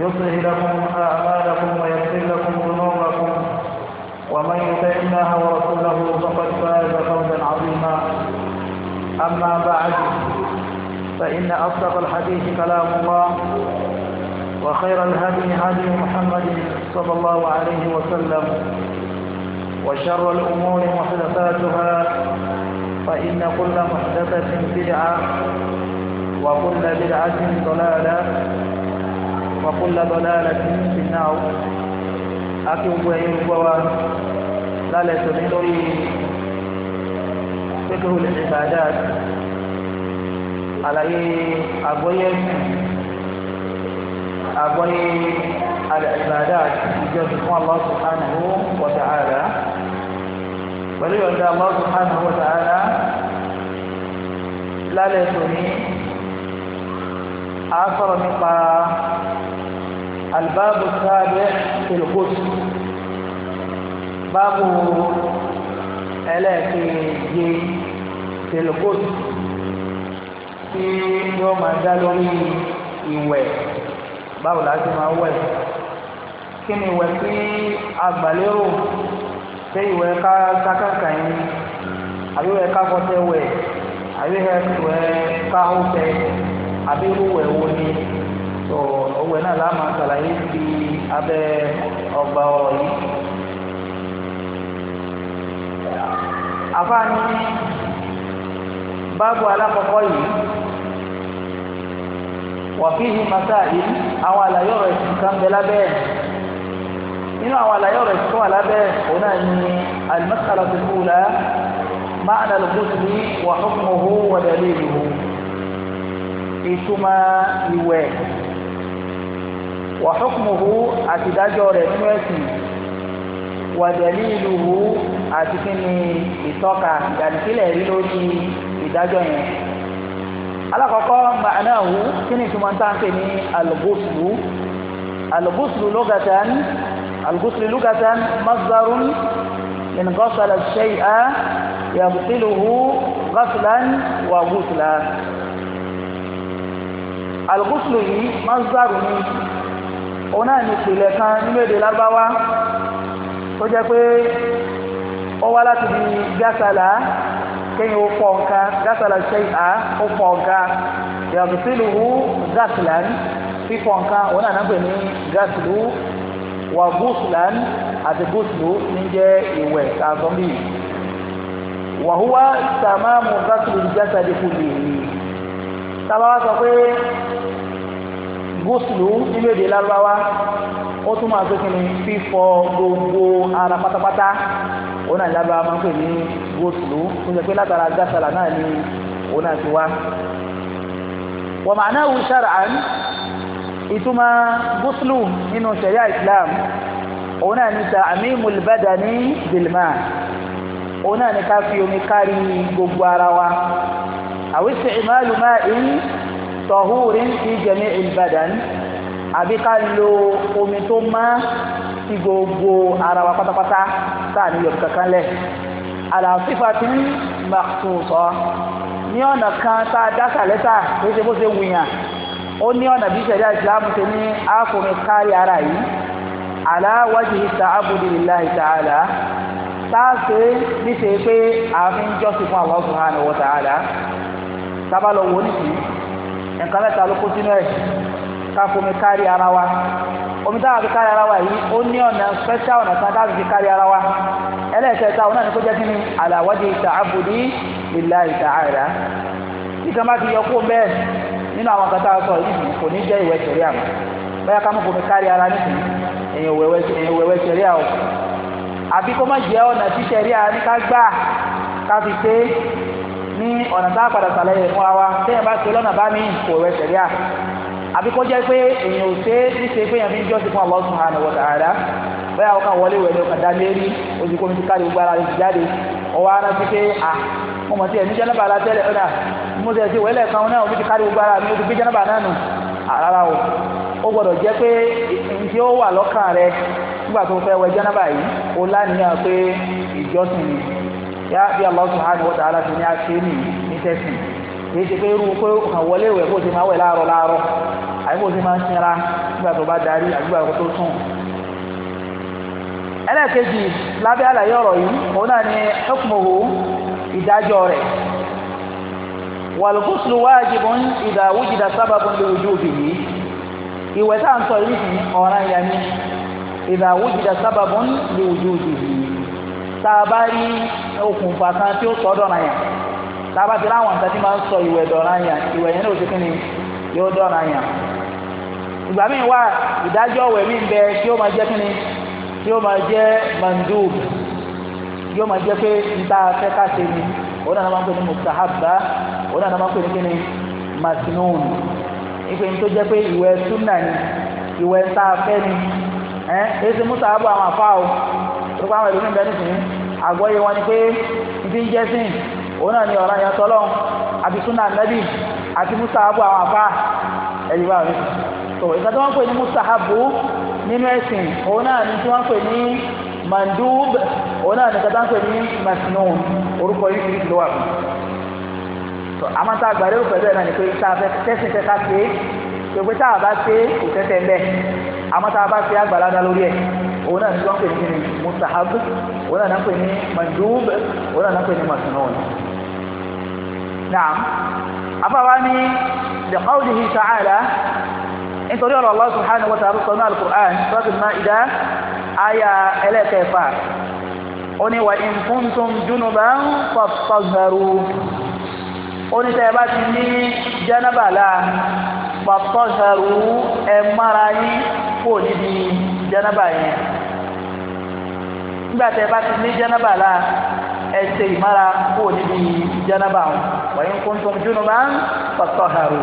يصلح لكم أعمالكم ويغفر لكم ذنوبكم ومن يطع الله ورسوله فقد فاز فوزا عظيما أما بعد فإن أصدق الحديث كلام الله وخير الهدي هدي محمد صلى الله عليه وسلم وشر الأمور محدثاتها فإن كل محدثة بدعة وكل بدعة ضلالة وكل ضلالة في النار أكتب أيها الإخوة لا لتنيني فقه العبادات على أبوي أبوي العبادات يجب الله سبحانه وتعالى وليعد الله سبحانه وتعالى lálẹ́ tòní a sọ̀rọ̀ الباب السابع في الغسل باب ẹlẹ́ẹ̀kejì tẹlifóòtù tí yóò máa dá lórí ìwẹ̀ báwo la ti máa wẹ̀ kí ni ìwẹ̀ tí agbàlérò ṣé ìwẹ̀ ká kákàkà yín àbí ìwẹ̀ ká kọsẹ̀ wẹ̀ àbí ìwẹ̀ ká hófẹ́ àbí irú wẹ̀ wo ni tó owó náà láàmú àtàlàyé ti abẹ́ ọgbà ọ̀rọ̀ yìí. àfáà ní báàbù alákọ̀ọ́kọ́ yìí wàfíhì masáàlì àwọn àlàyé ọ̀rọ̀ ẹ̀sìn kan bẹ lábẹ́ ẹ̀ nínú àwọn àlàyé ọ̀rọ̀ ẹ̀sìn kan wà lábẹ́ ẹ̀ òun náà ní alimọ́sálà tó kú la máàlá lùkùsùlì wà hukmuhu wà daliluhu ìtumọ̀ ìwẹ̀ wa hukmuhu àti ìdájọ́ rẹ̀ nínú ẹ̀sìn wa daliluhu àti kí ni ìtọ́ka ìdàdíkílẹ̀ rí lórí ìdájọ́ yẹn alakọkọ ma'anahu kini tuma ta ke ni al-ghuslu al-ghuslu lugatan al-ghuslu lugatan masdarun min ghasala shay'a yabtiluhu ghaslan wa ghusla al-ghuslu yìí masdarun ni òun náà ní ìpìlẹ̀ kan nínú èdè lárúbáwá tó jẹ́ pé ó wá láti di gásàlà kéyìn ó fọ nǹkan gásàlà ṣe à ó fọ nǹkan yàtọ̀ sílùú gásìlán fífọ nǹkan òun náà nàgbè ní gásìlú wà gúsìlán àti gúsìlú ní jẹ́ ìwẹ̀ tààtọ́ wàhúwá tàmáàmù gásìlú jásàdé kùlì yìí tábà sọ pé gúúsùlù nínú èdè lárúbáwá ó tún máa tókè ní fífọ gbogbo ara pátápátá òun náà lárúbáwá máa ń pè ní gúúsùlù tó jẹ pé látara gásàlà náà ni òun náà ti wá. wa ma'nahu shar'an ìtumọ̀ gúúsùlù nínú ṣẹ̀ríà islam òun náà ni ta'mimul badani bil ma' òun náà ni ká fi omi kárí gbogbo ara wa àwísí ìmáàlú ń tọ̀húrin fi jẹ̀mí ìbàdàn àbí ká lo omi tó má sí gbogbo ara wa pátápátá tá à ní yọ̀bù kankan lẹ̀ àlàáfífà tí ń màtúntọ̀ ní ọ̀nà kan tá a dákà lẹ́tà tó ṣe bó ṣe wùyàn ó ní ọ̀nà bí ṣẹ̀dá ìsìlámù ṣe ní ákùnrin kárí ara yìí aláwájú ìta abudulilá ta'ala táàṣe níṣe pé àfi ń jọ́sìn fún Allah subhanahu wa ta'ala tábàlọ́wọ́ níṣìí nǹkan mẹ́ta ló kó sínú ẹ̀ káfomi kárí ara wa omi táwọn fi kárí ara wa yìí ó ní ọ̀nà special ọ̀nà kan táwọn fi kárí ara wa ẹlẹ́ẹ̀kẹta òun ni kó jẹ́ kí ni àlàwọ́dì ta'abbudi lillahi ta'ala bá ti yọ kó bẹ́ẹ̀ nínú àwọn kan táwọn sọ yìí kò ní jẹ́ ìwẹ̀ àmọ́ báyà ara èèyàn wẹ̀wẹ̀ àwọn àbí kó má jẹ́ ọ̀nà ní ọ̀nà tá a padà sàlàyé fún wa téèyàn bá ṣe lọ́nà bá mi kò na tẹ̀lé à àbí jẹ́ pé èèyàn ò ṣe é ní ṣe pé èèyàn fi ń jọ́sìn fún àwọn wọlé ìwẹ̀ ni ọkàn dá oṣù kó mi ti kárí gbára jáde ọwọ́ ara ti pé à mo mọ̀ sí ẹ̀ ní jẹ́nàbà tẹ́lẹ̀ mo sì ẹ̀ sí wẹ́lẹ̀ kan náà omi ti kárí gbára mi ti gbé jẹ́nàbà náà o ó gbọ́dọ̀ jẹ́ yá bí Allah subhanahu wa ta'ala fi ní àṣẹ ní ìtẹ̀sìn kìí ṣe pé irú pé kàn wọlé ìwẹ̀ kó ti máa wẹ̀ láàárọ̀ láàárọ̀ àbí kó ti máa ń sinra nígbà tó bá darí àbí kó tó sùn. ẹlẹ́ẹ̀kejì lábẹ́ àlàyé ọ̀rọ̀ yìí òun náà ni hukmuhu ìdájọ́ rẹ̀ wàlùkùsùlù wájibun idha wujida sábàbùn lè ojú òbí yìí ìwẹ̀ tá ń sọ yìí ọ̀ràn yẹn ni idha wujida sábàbùn lè ojú òbí tá a rí okùnfà kan tí ó sọ dọ̀nà yẹn a ti láwọn tí máa ń sọ ìwẹ̀ dọ̀nà yẹn ìwẹ̀ yẹn náà ti kí ni yóò dọ̀nà yẹn ìgbà míì wá ìdájọ́ ọ̀wẹ̀ mi ń bẹ tí ó máa jẹ́ kí ni tí ó máa jẹ́ máa jẹ́ pé fẹ́ ká ṣe ni òun náà máa ń pè ní mustahabba òun náà máa ń pè ní kí ni masnun ìpè ní tó jẹ́ pé ìwẹ̀ ni ni ẹ́ ṣe nípa àwọn ìlú níbẹ̀ nísìnyí àgbọ́yé wọn ni pé ibi ń jẹ́ sìn òun náà ni ọ̀rọ̀ àyàn tọ́lọ́ àti súnà nẹ́bì àti mustahabu àwọn àfá ẹ̀yìn bá rí so ìgbà tí wọ́n pè ní mustahabu nínú ẹ̀sìn òun náà ni tí wọ́n pè ní mandub òun náà ni tí wọ́n pè ní masnun orúkọ yìí kiri kìlọ̀ wà fún so àmọ́ tá a gbà lérò pẹ̀lú ẹ̀ náà ni pé tá a fẹ́ tẹ́sìn tẹ́ka ṣe é pé tá a bá ṣe kò tẹ́tẹ́ ń bẹ́ àmọ́ bá ṣe àgbàlá dá lórí ẹ̀ òun náà ní wọ́n pè ní mustahab òun náà pè ní mandub òun náà pè ní masnun naam afáwa ní bi qawlihi ta'ala nítorí ọ̀rọ̀ Allah subhanahu wa ta'ala sọ̀nà al-Qur'an suratul Ma'ida aya ẹlẹ́kẹ̀ẹ́fà ó ní wa in kuntum junuban fattahharu ó ní tẹ́ bá ti ní jẹ́nàbàlá fattahharu ẹ̀ e mára yín kò níbi jẹ́nàbà yẹn nígbà tẹ bá ti ní jẹ́nàbà la ẹ ṣe ìmára kó níbi jẹ́nàbà wọn wọ́n kún tó ń dúnú máa ń pọ̀tọ́ hàrù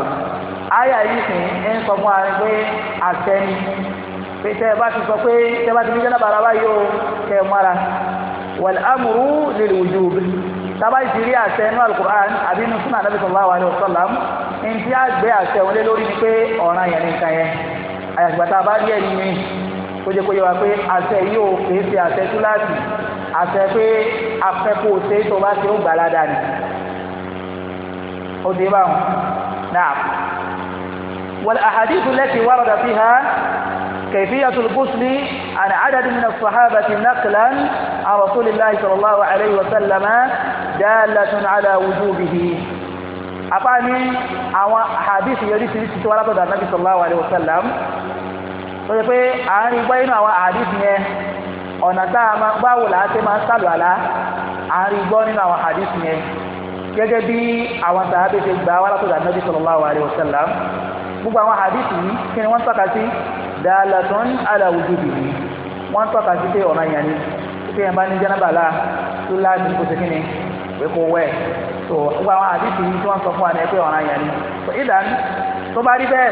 àyà yìí sìn ń sọ fún wa pé àṣẹ ni pé tẹ bá ti sọ pé tẹ bá ti ní jẹ́nàbà la báyìí ó tẹ mọ́ra wal amru lil wujub tába ìṣirí àṣẹ inú alukur'an àbí inú súnà nàbí sallallahu alaihi wasallam ní ti àgbẹ̀ àṣẹ òun lórí ni pé ọ̀ràn yẹn nìkan yẹn àyàtìgbà bá rí ẹni yẹn kó jẹ́ kó yẹ wa pé àṣẹ yóò kìí ṣe àṣẹ túláàsì àṣẹ pé afẹ́kù ṣe tó bá ṣe ó gbà ládàá ni ó dé báwọn náà wal ahadithu lati warada fiha كيفية الغسل عن عدد من الصحابة نقلا عن رسول الله صلى الله عليه وسلم دالة على وجوبه أباني أو حديث يريد تتوالى النبي صلى الله عليه وسلم tó ṣe pé àárín gbọ́ inú àwọn àdìsí yẹn ọ̀nà tá a máa báwò là á ṣe máa ń sàlù àlá àárín gbọ́ nínú àwọn àdìsí yẹn gẹ́gẹ́ bí àwọn sàábé ṣe gbà wá látọ̀dọ̀ ànábì sallallahu alaihi wasallam gbogbo àwọn àdìsí yìí kí ni wọ́n tọ́ka sí dalatun ala wujubihi wọ́n tọ́ka sí pé ọ̀nà yẹn ni pé ẹ̀ bá ní jẹ́nàbà láà tó láti kó ṣe kí ni pé kó wẹ̀ so gbogbo àwọn àdìsí yìí tí wọ́n sọ fún wa ni pé ọ̀nà yẹn ni ìdá tó bá rí bẹ́ẹ̀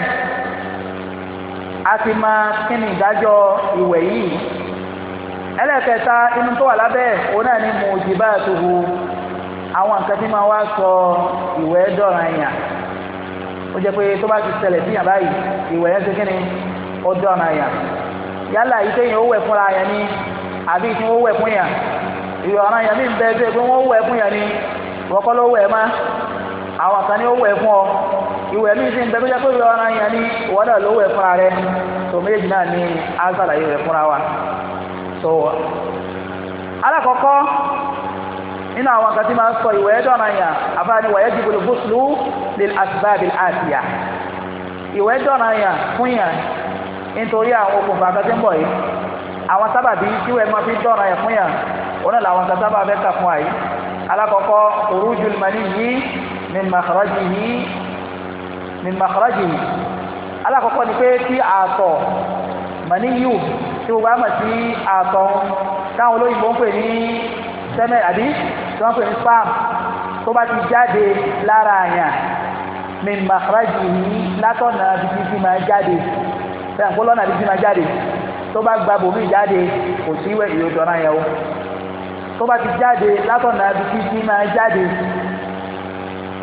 a ti ma kí ni ìdájọ́ ìwẹ̀ yìí ẹlẹ́kẹta inú tó wà lábẹ́ òun náà ni mujibatuhu àwọn nǹkan tí máa wá sọ ìwẹ̀ dọ̀ràn èèyàn ó jẹ́ pé tó bá ti ṣẹlẹ̀ sí yàn báyìí yẹn kí ni ó dọ̀ràn èèyàn yálà yìí téèyàn ó wẹ̀ fúnra yẹn ni àbí tí wọ́n wẹ̀ fún yàn ìwẹ̀ ọ̀ràn yẹn pé ni wọ́n kọ́ ló wẹ̀ má àwọn kan ni ó ọ ìwẹ̀ mí sí nbẹ tó jẹ́ pé ìwẹ̀ ọ̀ràn yẹn ni ìwọ́n náà ló wẹ̀ rẹ̀ tó méjèèjì náà ni á sàlàyé rẹ̀ fúnra wa so alákọ̀ọ́kọ́ nínú àwọn kan tí máa ń sọ ìwẹ̀ dọ̀ràn yẹn àbáni wàyẹ́ dìbòlò bùsùlù lè àtìbáàbì àtìyà ìwẹ̀ dọ̀ràn yẹn fún yẹn nítorí àwọn okùnfà kan tí ń bọ̀ yìí àwọn sábàbí tí ìwẹ̀ máa fi dọ̀ràn yẹn fún yẹn òun náà làwọn kan sábà fẹ́ kà fún àyè alákọ̀ọ́kọ́ òrùjùlùmọ́ ní yìí min makhrajihi min makhrajihi alákọ̀ọ́kọ́ ni pé tí àtọ̀ màníyù tí gbogbo àmọ̀ sí àtọ̀ táwọn olóyìnbó ń pè ní semen àbí tí wọ́n pè ní spam tó bá ti jáde lára àyàn min makhrajihi látọ̀nà bíbí tí máa jáde fẹ́ràn kó lọ́nà bíbí máa jáde tó bá gba bòmí jáde kò sí ìwé ìyóòdọ̀ náà yẹ o tó bá ti jáde látọ̀nà bíbí tí máa jáde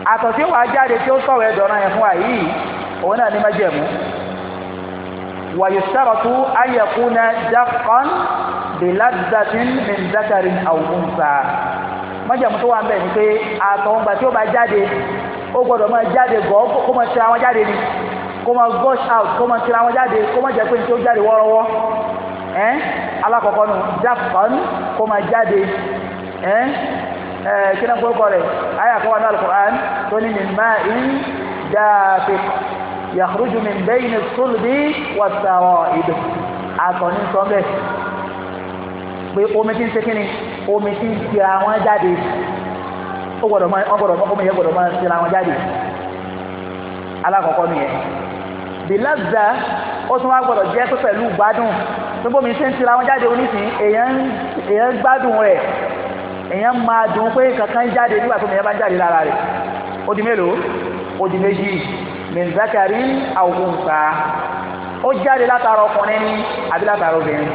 àtọ̀ tí wàá jáde tí ó sọ̀rọ̀ ẹ̀dọ̀ràn yẹn fún wa yìí òun náà ní májẹ̀mú wàyùsárọ̀tú ayẹ̀kúnà dákọ́n bìládàtín mìndàkàrin àwùmùsà májẹ̀mú tó wà ń bẹ̀ ni pé àtọ̀ ńgbà tí ó bá jáde ó gbọ́dọ̀ máa jáde gọ́ kó máa tira wọn jáde ni kó máa gush out kó máa tira wọn jáde kó máa jẹ́ pé ní tí ó jáde wọ́rọ́wọ́ ẹ́ alákọ̀ọ́kọ́ nù dákọ́n kó máa jáde ẹ́ ẹ eh, kíni kókó rẹ ayé àkọ́wá náà alukur'an tó ní min ma'in dafiq yakhruju min bayni sulbi wa sara'ib àtọ̀ní sọ́mbẹ́ pé omi tí ń ṣe kíni omi tí ń ṣe àwọn jáde ó gbọ́dọ̀ máa ó gbọ́dọ̀ ọmọ yẹn gbọ́dọ̀ máa ṣe àwọn jáde alákọ̀ọ́kọ́ nìyẹn bìlázà ó tún wá gbọ́dọ̀ jẹ́ pé pẹ̀lú gbádùn tó bómi ṣe ń ṣe àwọn jáde oníṣìí èèyàn gbádùn rẹ̀ èèyàn máa dùn pé kankan jáde nígbà tó èèyàn bá jáde lára rẹ̀ ó di mélòó ó di méjì mẹ̀nzákàrí àwòkùnfà ó jáde látara ọkùnrin ní àbí látara obìnrin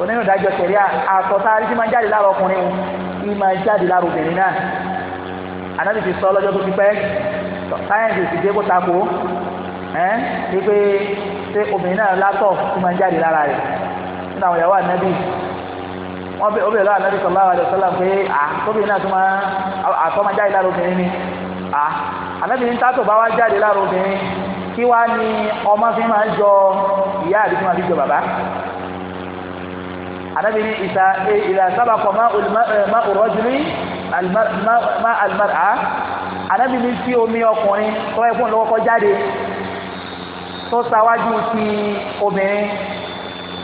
onínú ìdájọ́ tẹ̀lé àtọ̀tà àríṣí máa jáde lára ọkùnrin ní máa jáde lára obìnrin náà ànábì ti sọ lọ́jọ́ tó ti pẹ́ sáyẹ́ǹsì ti dé kó tako ẹ́ wípé ṣé obìnrin náà látọ̀ tó máa jáde lára rẹ̀ nínú àwọn ìyàwó ànábì wọ́n bẹ̀ obìnrin lọ́wọ́ anábì sallallahu alaihi wasallam pé à tóbi náà tó máa àtọ́mọjáde lára obìnrin ni à anábì ní tátò bá wá jáde lára obìnrin kí wá ní ọmọ fi máa jọ ìyá àbí fi máa fi jọ bàbá anábì ní ìta e, ìlà sábàkọ má òrọ́júlì má àlùmárà anábì ní tí omi ọkùnrin tó ẹkùn lọ́wọ́kọ́ jáde tó sáwájú ti obìnrin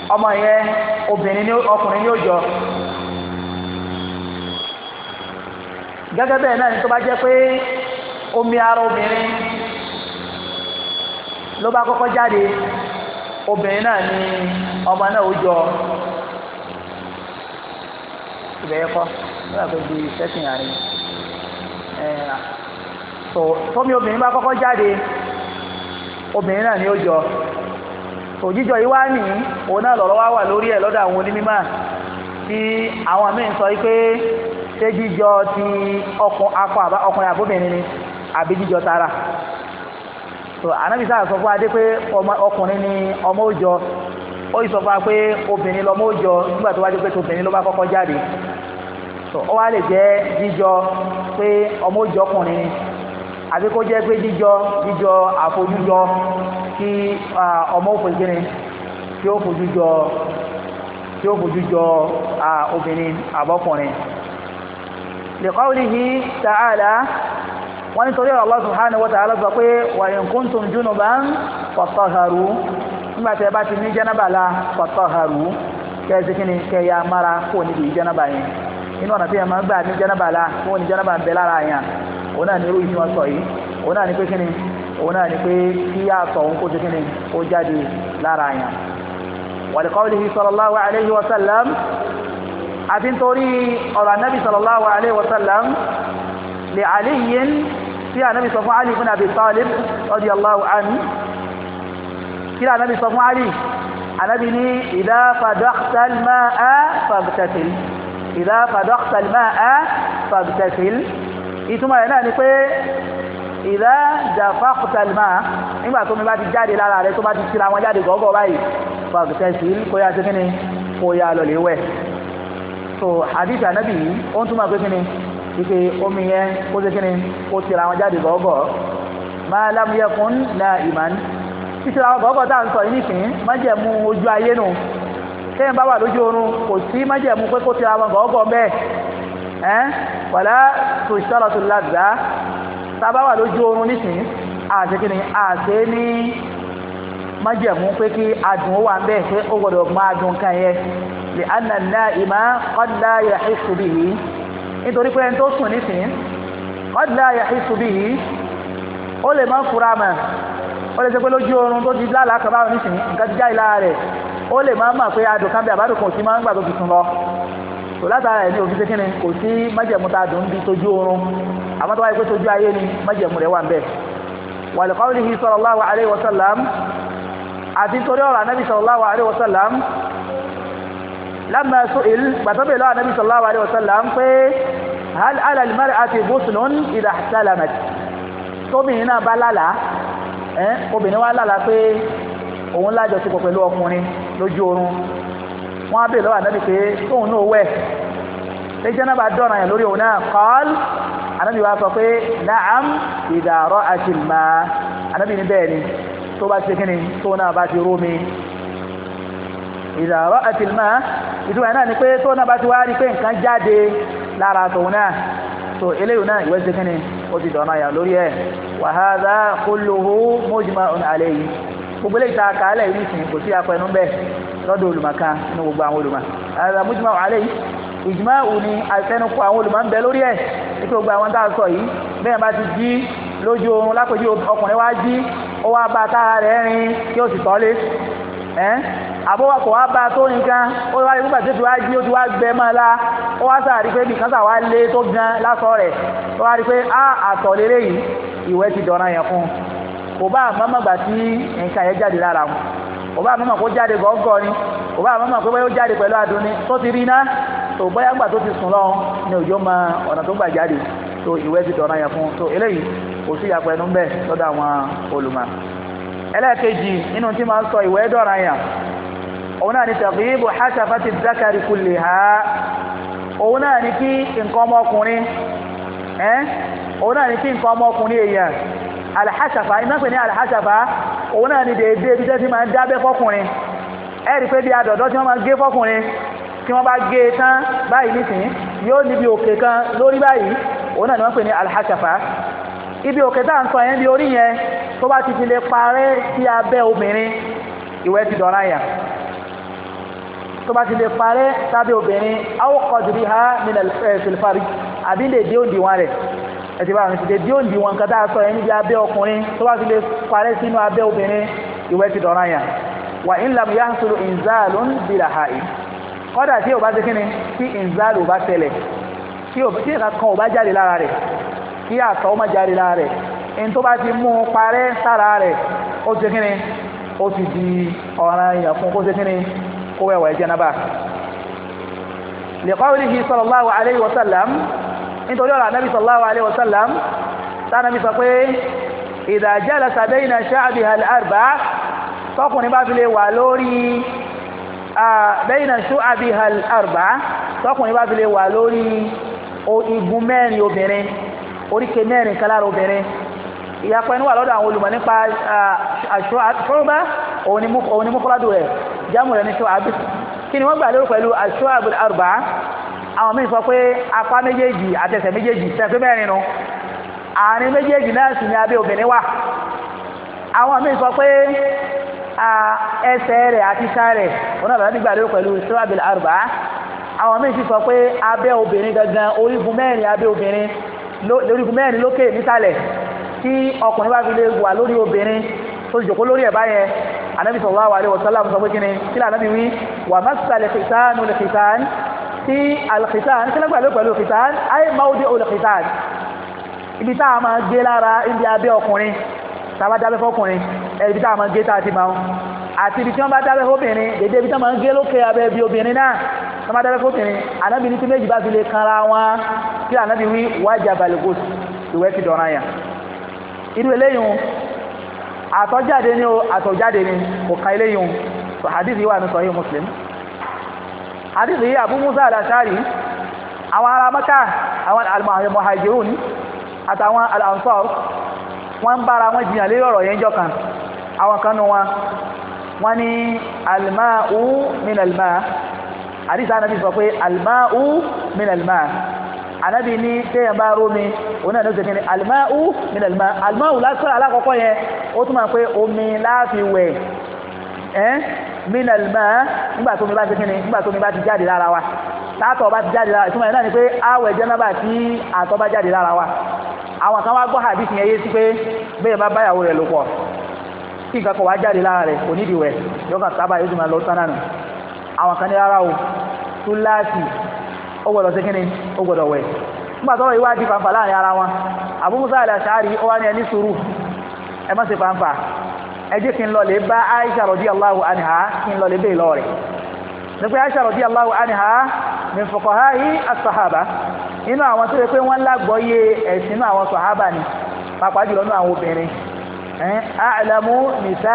ọmọ yẹn obìnrin ní ọkùnrin ní òjọ gẹ́gẹ́ bẹ́ẹ̀ náà ni tó bá jẹ́ pé omi ara obìnrin ló bá kọ́kọ́ jáde obìnrin náà ní ọmọ náà ó jọ ìbẹ̀yẹ kọ́ lọ́dà tó di sẹ́sìn àárín tọ́mi obìnrin bá kọ́kọ́ jáde obìnrin náà ni ó so jíjọ yìí wá ní òun náà lọ́rọ̀ wá wà lórí ẹ̀ lọ́dọ̀ àwọn onímọ̀ tí àwọn míì sọ pé ṣé jíjọ ti ọkùnrin àbóbìnrin ni àbí jíjọ tara so ànábì sáà sọ fún adé pé ọkùnrin ni ọmọ òjọ ó sọ fún wa pé obìnrin lọmọ òjọ nígbà tó wájú pé obìnrin ló bá kọ́kọ́ jáde so ó wá lè jẹ́ jíjọ pé ọmọ òjọ ọkùnrin ni àbí kó jẹ́ pé jíjọ jíjọ àfojújọ kí ọmọ òfojúni tí ó fojújọ tí ó fojújọ obìnrin àbọ́kùnrin li qawlihi ta'ala wọ́n nítorí Allah subhanahu wa ta'ala sọ pé wa in kuntum junuban fatahharu nígbàtí ẹ bá ti ní jẹ́nàbà la fatahharu kẹ́ẹ̀sìkíni kẹ́ẹ̀yà mara kò níbi jẹ́nàbà yẹn inú ọ̀nà tí ẹ máa gbà ní jẹ́nàbà la kò ní jẹ́nàbà ń bẹ lára yẹn òun náà ní irú ìdí wọn sọ yìí òun náà ní pé kíni òun náà ní pé kí àtọ̀ òun kó ti kíni ó jáde lára àyàn. wàlíkọ́wìlì sallallahu alayhi wa sallam àti nítorí ọ̀rọ̀ anábì sallallahu alayhi wa sallam lè àlíyìn tí anábì sọ fún Ali ibn Abi Talib radiyallahu anhu kí anábì sọ fún Ali anábì ní idha fadaqta Mm. ìtumọ̀ rẹ̀ náà ni pé ìdá jàfà kùtàlìmá nígbà tó mi bá ti jáde lára rẹ̀ tó bá ti tira wọn jáde gọ́gọ́ báyìí fàgùtẹ́sì kó yá sí kí kó yá lọ lè wẹ̀ so hadith anabi yìí ó ń túmọ̀ pé kí ni wípé omi yẹn kó sí kí ni kó tira wọn jáde gọ́gọ́ máa lámúyẹkùn náà ìmán títira wọn gọ́gọ́ tá à ń sọ yìí nìsín májẹ̀mú ojú ayé nù tẹ́yìn bá wà lójú oorun kò sí májẹ̀mú pé kó tira wọn gọ́gọ́ bẹ́ẹ̀ ẹ́ wàlá tó ṣọ́rọ̀ tó lágbà lójú oorun nísìnyí àti kí ni àti ní májẹ̀mú pé kí adùn ó wà ń pé ó gbọ́dọ̀ kan yẹ lè anna an-na'ima qad la yahissu bihi nítorí pé tó sùn nísìnyí qad la ó lè fura ó lè ṣe pé lójú oorun tó ti lálàá kan báwọn nǹkan ti já ìlà rẹ̀ ó lè pé adùn kan àbádùn kan ò tó látara ẹ̀ ní òfin ṣe kínni kò sí májẹ̀mú tá a dùn bí tójú oorun àmọ́ tó wáyé pé tójú ayé ni májẹ̀mú rẹ̀ wà ń bẹ̀. wa li qawlihi sallallahu alayhi wa sallam àti torí ọ̀rọ̀ anábì sallallahu alayhi wa sallam lamma su'il gbàtọ́bẹ̀ lọ́wọ́ anábì sallallahu alayhi wa sallam pé hal ala al-mar'ati ghuslun tóbìnrin náà bá lálàá ẹ́ obìnrin wa lálàá pé òun lájọṣepọ̀ wọ́n á bèèrè lọ́wọ́ ànábì pé tóun náà wẹ̀ pé jẹ́nàbà dọ̀nà yẹn lórí òun náà kọ́l ànábì wa sọ pé naam ìdàrọ́ àti mà ànábì ní bẹ́ẹ̀ ni tó bá ti kí ni tóun náà bá ti rú mi ìdàrọ́ àti mà ìtumọ̀ náà ni pé tóun náà bá ti wá rí pé nǹkan jáde lára tóun náà tó eléyìí náà ìwé ti kí ó ti dọ̀nà yẹn lórí ẹ̀ wàhálà kúlùhù mujma'un gbogbo eléyìí tá a kà á lẹ̀ yìí nìsín kò sí apẹnu bẹ́ẹ̀ lọ́dọ̀ olùmọ̀kan nínú gbogbo àwọn olùmọ̀ àlàmújúmọ̀ àlẹ́ yìí ìjùmọ̀ òun ni àtẹnukọ àwọn olùmọ̀ ń bẹ lórí ẹ̀ nítorí gbogbo àwọn tá a sọ yìí bẹ́ẹ̀ bá ti jí lójú oorun lápèjú ọkùnrin wá jí ó wá bá tára rẹ̀ rin kí ó sì tọ́lé àbọ̀wọ̀kọ̀ wá bá tó nìkan ó wá nígbà tó ti wá jí ó ti wá gbẹ mọ́ la ó wá sáà rí pé nìkan sáà wá lé tó gan lásọ rẹ̀ ó wá rí pé á àtọ̀lélẹ́yìn ìwẹ́ ti dọ̀ràn yẹn fún un kò bá àmọ́mọ́ gbà tí nǹkan yẹn jáde lára wọn kò bá àmọ́mọ́ kó jáde gọ́ngọ́ ni kò bá àmọ́mọ́ pé bóyá ó jáde pẹ̀lú adùn ni tó ti rí iná tó bóyá gbà tó ti sùn lọ ni òjò mọ ọ̀nà tó gbà jáde tó ìwé ti dọ̀nà yẹn fún tó eléyìí kò sí ìyàpọ̀ ẹnu lọ́dọ̀ àwọn olùmọ̀ ẹlẹ́ẹ̀kejì nínú tí máa ń sọ ìwé dọ̀nà yẹn òun náà alhashafa iná pè ní alhashafa òun náà ni dèédé ibi tẹ́ ti máa ń dábẹ́ fọkùnrin ẹ rí pé bí adọ̀dọ́ tí wọ́n máa ń gé fọkùnrin tí wọ́n bá gé e tán báyìí nísìnyí yóò níbi òkè kan lórí báyìí òun náà ni wọ́n pè ní alhashafa ibi òkè tá à ń sọ yẹn bí orí yẹn tó bá ti fi lè parẹ́ sí abẹ́ obìnrin ìwẹ̀ ti dọ̀ra yà tó bá ti lè parẹ́ sábẹ́ obìnrin awọ́kọ̀dùrí ha nílẹ̀ eh, fìlfàrí àbí lè dé òdiwọ̀n rẹ̀ ẹtì bá àwọn ìṣẹ̀lẹ̀ díò ní wọn kátà sọ ẹni bí abẹ́ ọkùnrin tó bá fi lè parẹ́ sínú abẹ́ obìnrin ìwẹ̀ ti dọ̀ràn yàn wà ń lam yá sọ̀rọ̀ ìnzáàlù ń bìlà ha yìí kọ́dà tí ò bá ti kíni tí ìnzáàlù ò bá tẹ̀lẹ̀ tí ìka kan ò bá jáde lára rẹ̀ kí àtọ̀ ó má jáde lára rẹ̀ ẹni tó bá ti mú un parẹ́ sára rẹ̀ ó ti kíni ó ti di ọ̀ràn yàn fún kó ti kíni kó wẹ̀wẹ̀ jẹ́ náà lè kọ́ nítorí ọ̀rọ̀ anábì sallallahu alaihi wasallam tánàbí sọ pé idha jalasa bayna sha'biha al-arba'a tọkùnrin bá fi lè wà lórí bayna shu'abiha al-arba'a tọkùnrin bá fi lè wà lórí igun mẹ́rin obìnrin oríkè mẹ́rin kan lára obìnrin ìyapẹ́ ní wà lọ́dọ̀ àwọn olùmọ̀ nípa àṣọ àtúrúbá òun ni mú kọ́ládùn rẹ̀ jámù àwọn míì sọ pé apá méjèèjì àtẹsẹ̀ méjèèjì sẹ́fẹ́ mẹ́rin nu àárín méjèèjì náà sì ni abẹ́ obìnrin wà àwọn míì sọ pé ẹsẹ̀ rẹ̀ àti iṣan rẹ̀ wọn náà lọ́dún gbàdúrà pẹ̀lú sọ́wábìlì àrùbá àwọn míì sì sọ pé abẹ́ obìnrin gangan orígun mẹ́rin abẹ́ obìnrin lórígun mẹ́rin lókè nísàlẹ̀ tí ọkùnrin bá fi lè wà lórí obìnrin tó jòkó lórí ẹ̀ báyẹn anabi sallallahu alaihi wa sallam sọ pé kí ni kí ni anabi wà má sàlẹ̀ kìtàn lè kìtàn sí alkhitan kí lọ́gbà ló pẹ̀lú khitan ayé maudi olùkhitan ibi tá a máa gé lára ibi abẹ́ ọkùnrin tàbá dábẹ́ fọkùnrin ibi tá a máa gé tá a ti máa àti ibi tí wọ́n bá dábẹ́ fóbìnrin dédé ibi tá a máa gé lókè abẹ́ bí obìnrin náà tí wọ́n bá dábẹ́ fóbìnrin ànábì ní tí méjì bá fi lè kanra wọn kí ànábì wí wájà balẹ̀gòs ìwẹ́ ti dọ̀ràn yà irú eléyìí àtọ̀jáde ni o àtọ̀jáde ni kò ka eléyìí o hadith yìí wà ní sahih àdìsí yìí Abu Musa al-Ashari àwọn ará Mẹ́kà àwọn al-Muhajirun àtàwọn al-Ansar wọ́n ń bára wọn jiyàn lórí ọ̀rọ̀ yẹn jọ kan àwọn kan nù wọn wọ́n ní al-ma'u min al-ma' àdìsí anabi sọ pé al-ma'u min al-ma' anabi ní téèyàn bá rómi òun náà ló ṣe al-ma'u min al-ma' al-ma'u lásán alákọ̀ọ́kọ́ yẹn ó túmọ̀ pé omi láàfin wẹ̀ ẹ́ minal ma nígbà tó mi bá ti kíni nígbà tó mi bá ti jáde lára wa tààtọ̀ bá ti jáde lára ìtumọ̀ yẹn náà ni pé àwẹ̀ jẹ́nàbà tí àtọ̀ bá jáde lára wa àwọn kan wá gbọ́ hadith yẹn yé sí pé bẹ́ẹ̀ bá báyàwó rẹ̀ lò pọ̀ kí nǹkan kan wá jáde lára rẹ̀ kò nídìí wẹ̀ yọkàn sábà yóò ti máa lọ tán náà nù àwọn kan ní rárá o túláàsì ó gbọ́dọ̀ sí kíni ó gbọ́dọ̀ wẹ̀ nígbà tọ́rọ̀ ìwádìí fanfa láàrin ara wọn Abu Musa al-Ash'ari ó wá ní ẹni sùúrù ẹ má ṣe fanfa ẹ jẹ́ kí n lọlé bá aisha radiyallahu anha kí n nípa aisha inú àwọn tó pé wọ́n lágbọ́yé ẹ̀sìn inú àwọn sahaba ni jùlọ àwọn obìnrin a'lamu tó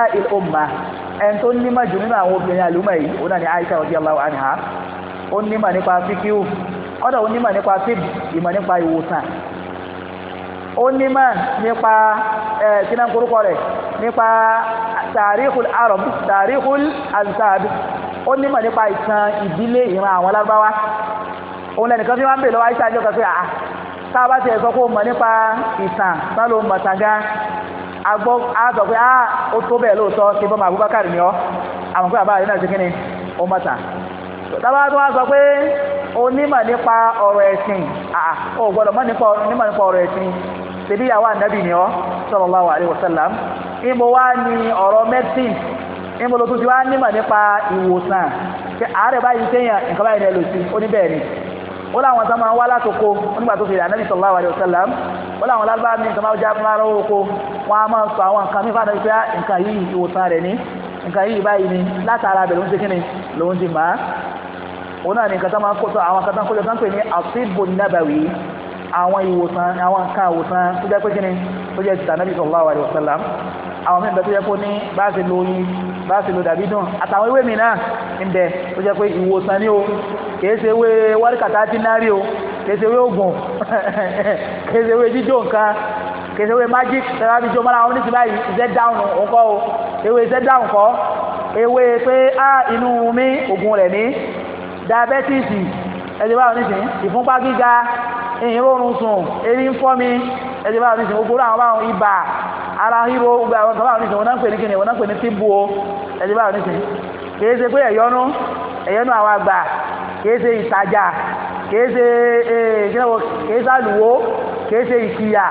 jù nínú àwọn obìnrin àlùmọ̀ yìí ó náà aisha ó nípa ó nípa fíb ìmọ̀ nípa ìwòsàn ó ní mà nípa ẹ̀ kíná korúkọ rẹ̀ nípa tàríkùl arab tàríkùl ansab ó ní mà nípa ìtàn ìdílé ìran àwọn lárúbáwá òun lẹ́nìkan fi máa ń bè lọ́wọ́ àìsàn àjọ kan pé àá tá a bá ti ẹ̀sọ́ kó mọ̀ nípa ìtàn tán ló mọ̀ tàn gan agbọ́ àtọ̀ pé àá ó tó bẹ́ẹ̀ lóòótọ́ ṣe bọ́mọ Abubakar ni ọ́ àmọ́ pé àbá àyè náà kí ni ó mọ̀ tábà tó wá sọ pé onímọ̀ nípa ọ̀rọ̀ ẹ̀sìn ò gbọ́dọ̀ mọ̀ nímọ̀ nípa ọ̀rọ̀ ẹ̀sìn ṣèbí ìyàwó ànábì ni ọ́ sallallahu alaihi wasallam ìmọ̀ wá ní ọ̀rọ̀ medicine ìmọ̀ ló tún ti wá nímọ̀ nípa ìwòsàn ṣe àárẹ̀ báyìí téèyàn nǹkan báyìí lè lò sí ó ni ó láwọn sá máa wá látòkó nígbà tó fi ànábì sallallahu alaihi wasallam ó láwọn lábá mi nǹkan máa já máa oko wọn a máa sọ àwọn nǹkan mi fáwọn ìfẹ́ nǹkan yìí ìwòsàn rẹ̀ ni nǹkan yìí báyìí ni látara bẹ̀ ló ń ṣe kí ni lòun ti máa òun náà ní nǹkan tá máa ń kótó àwọn kan tá ń kójọ tá ń pè ní àtìbò nàbàwí àwọn ìwòsàn àwọn nǹkan ìwòsàn tó jẹ́ pé kíni tó jẹ́ tìtà nàbì sallallahu alaihi wasallam àwọn mẹ́ta tó jẹ́ pé ní bá a lo oyin bá lo dàbí dùn àtàwọn ewé mi náà ń bẹ tó jẹ́ pé ìwòsàn ni o kìí ṣe ewé wáríkàtà ti náà o kìí ṣe ewé oògùn kìí ṣe ewé jíjó nǹkan kìí ṣe ewé magic tẹ́lá bí jó mọ́ra wọn ní ti báyìí ṣe o ewé ṣe dáhùn kọ́ ewé pé á ah, inú mi oògùn rẹ̀ ni diabetics ẹ̀dẹ̀ báwọn nísìnyí ìfúnpá gíga ìyìn rọrùn sùn erí ń fọ́ mi ẹ̀dẹ̀ báwọn nísìnyí gbogbo àwọn báwọn ibà ara ríro gbogbo àwọn kan báwọn nísìnyí wọn náà ń pè ní kíni wọn náà ń pè ní tíbu o ẹ̀dẹ̀ báwọn nísìnyí kìí ṣe pé ẹ̀yọ́nú ẹ̀yọ́nú àwọn àgbà kìí ṣe ìtajà kìí ṣe e, kìí ṣe àlùwò kìí ṣe ìkìyà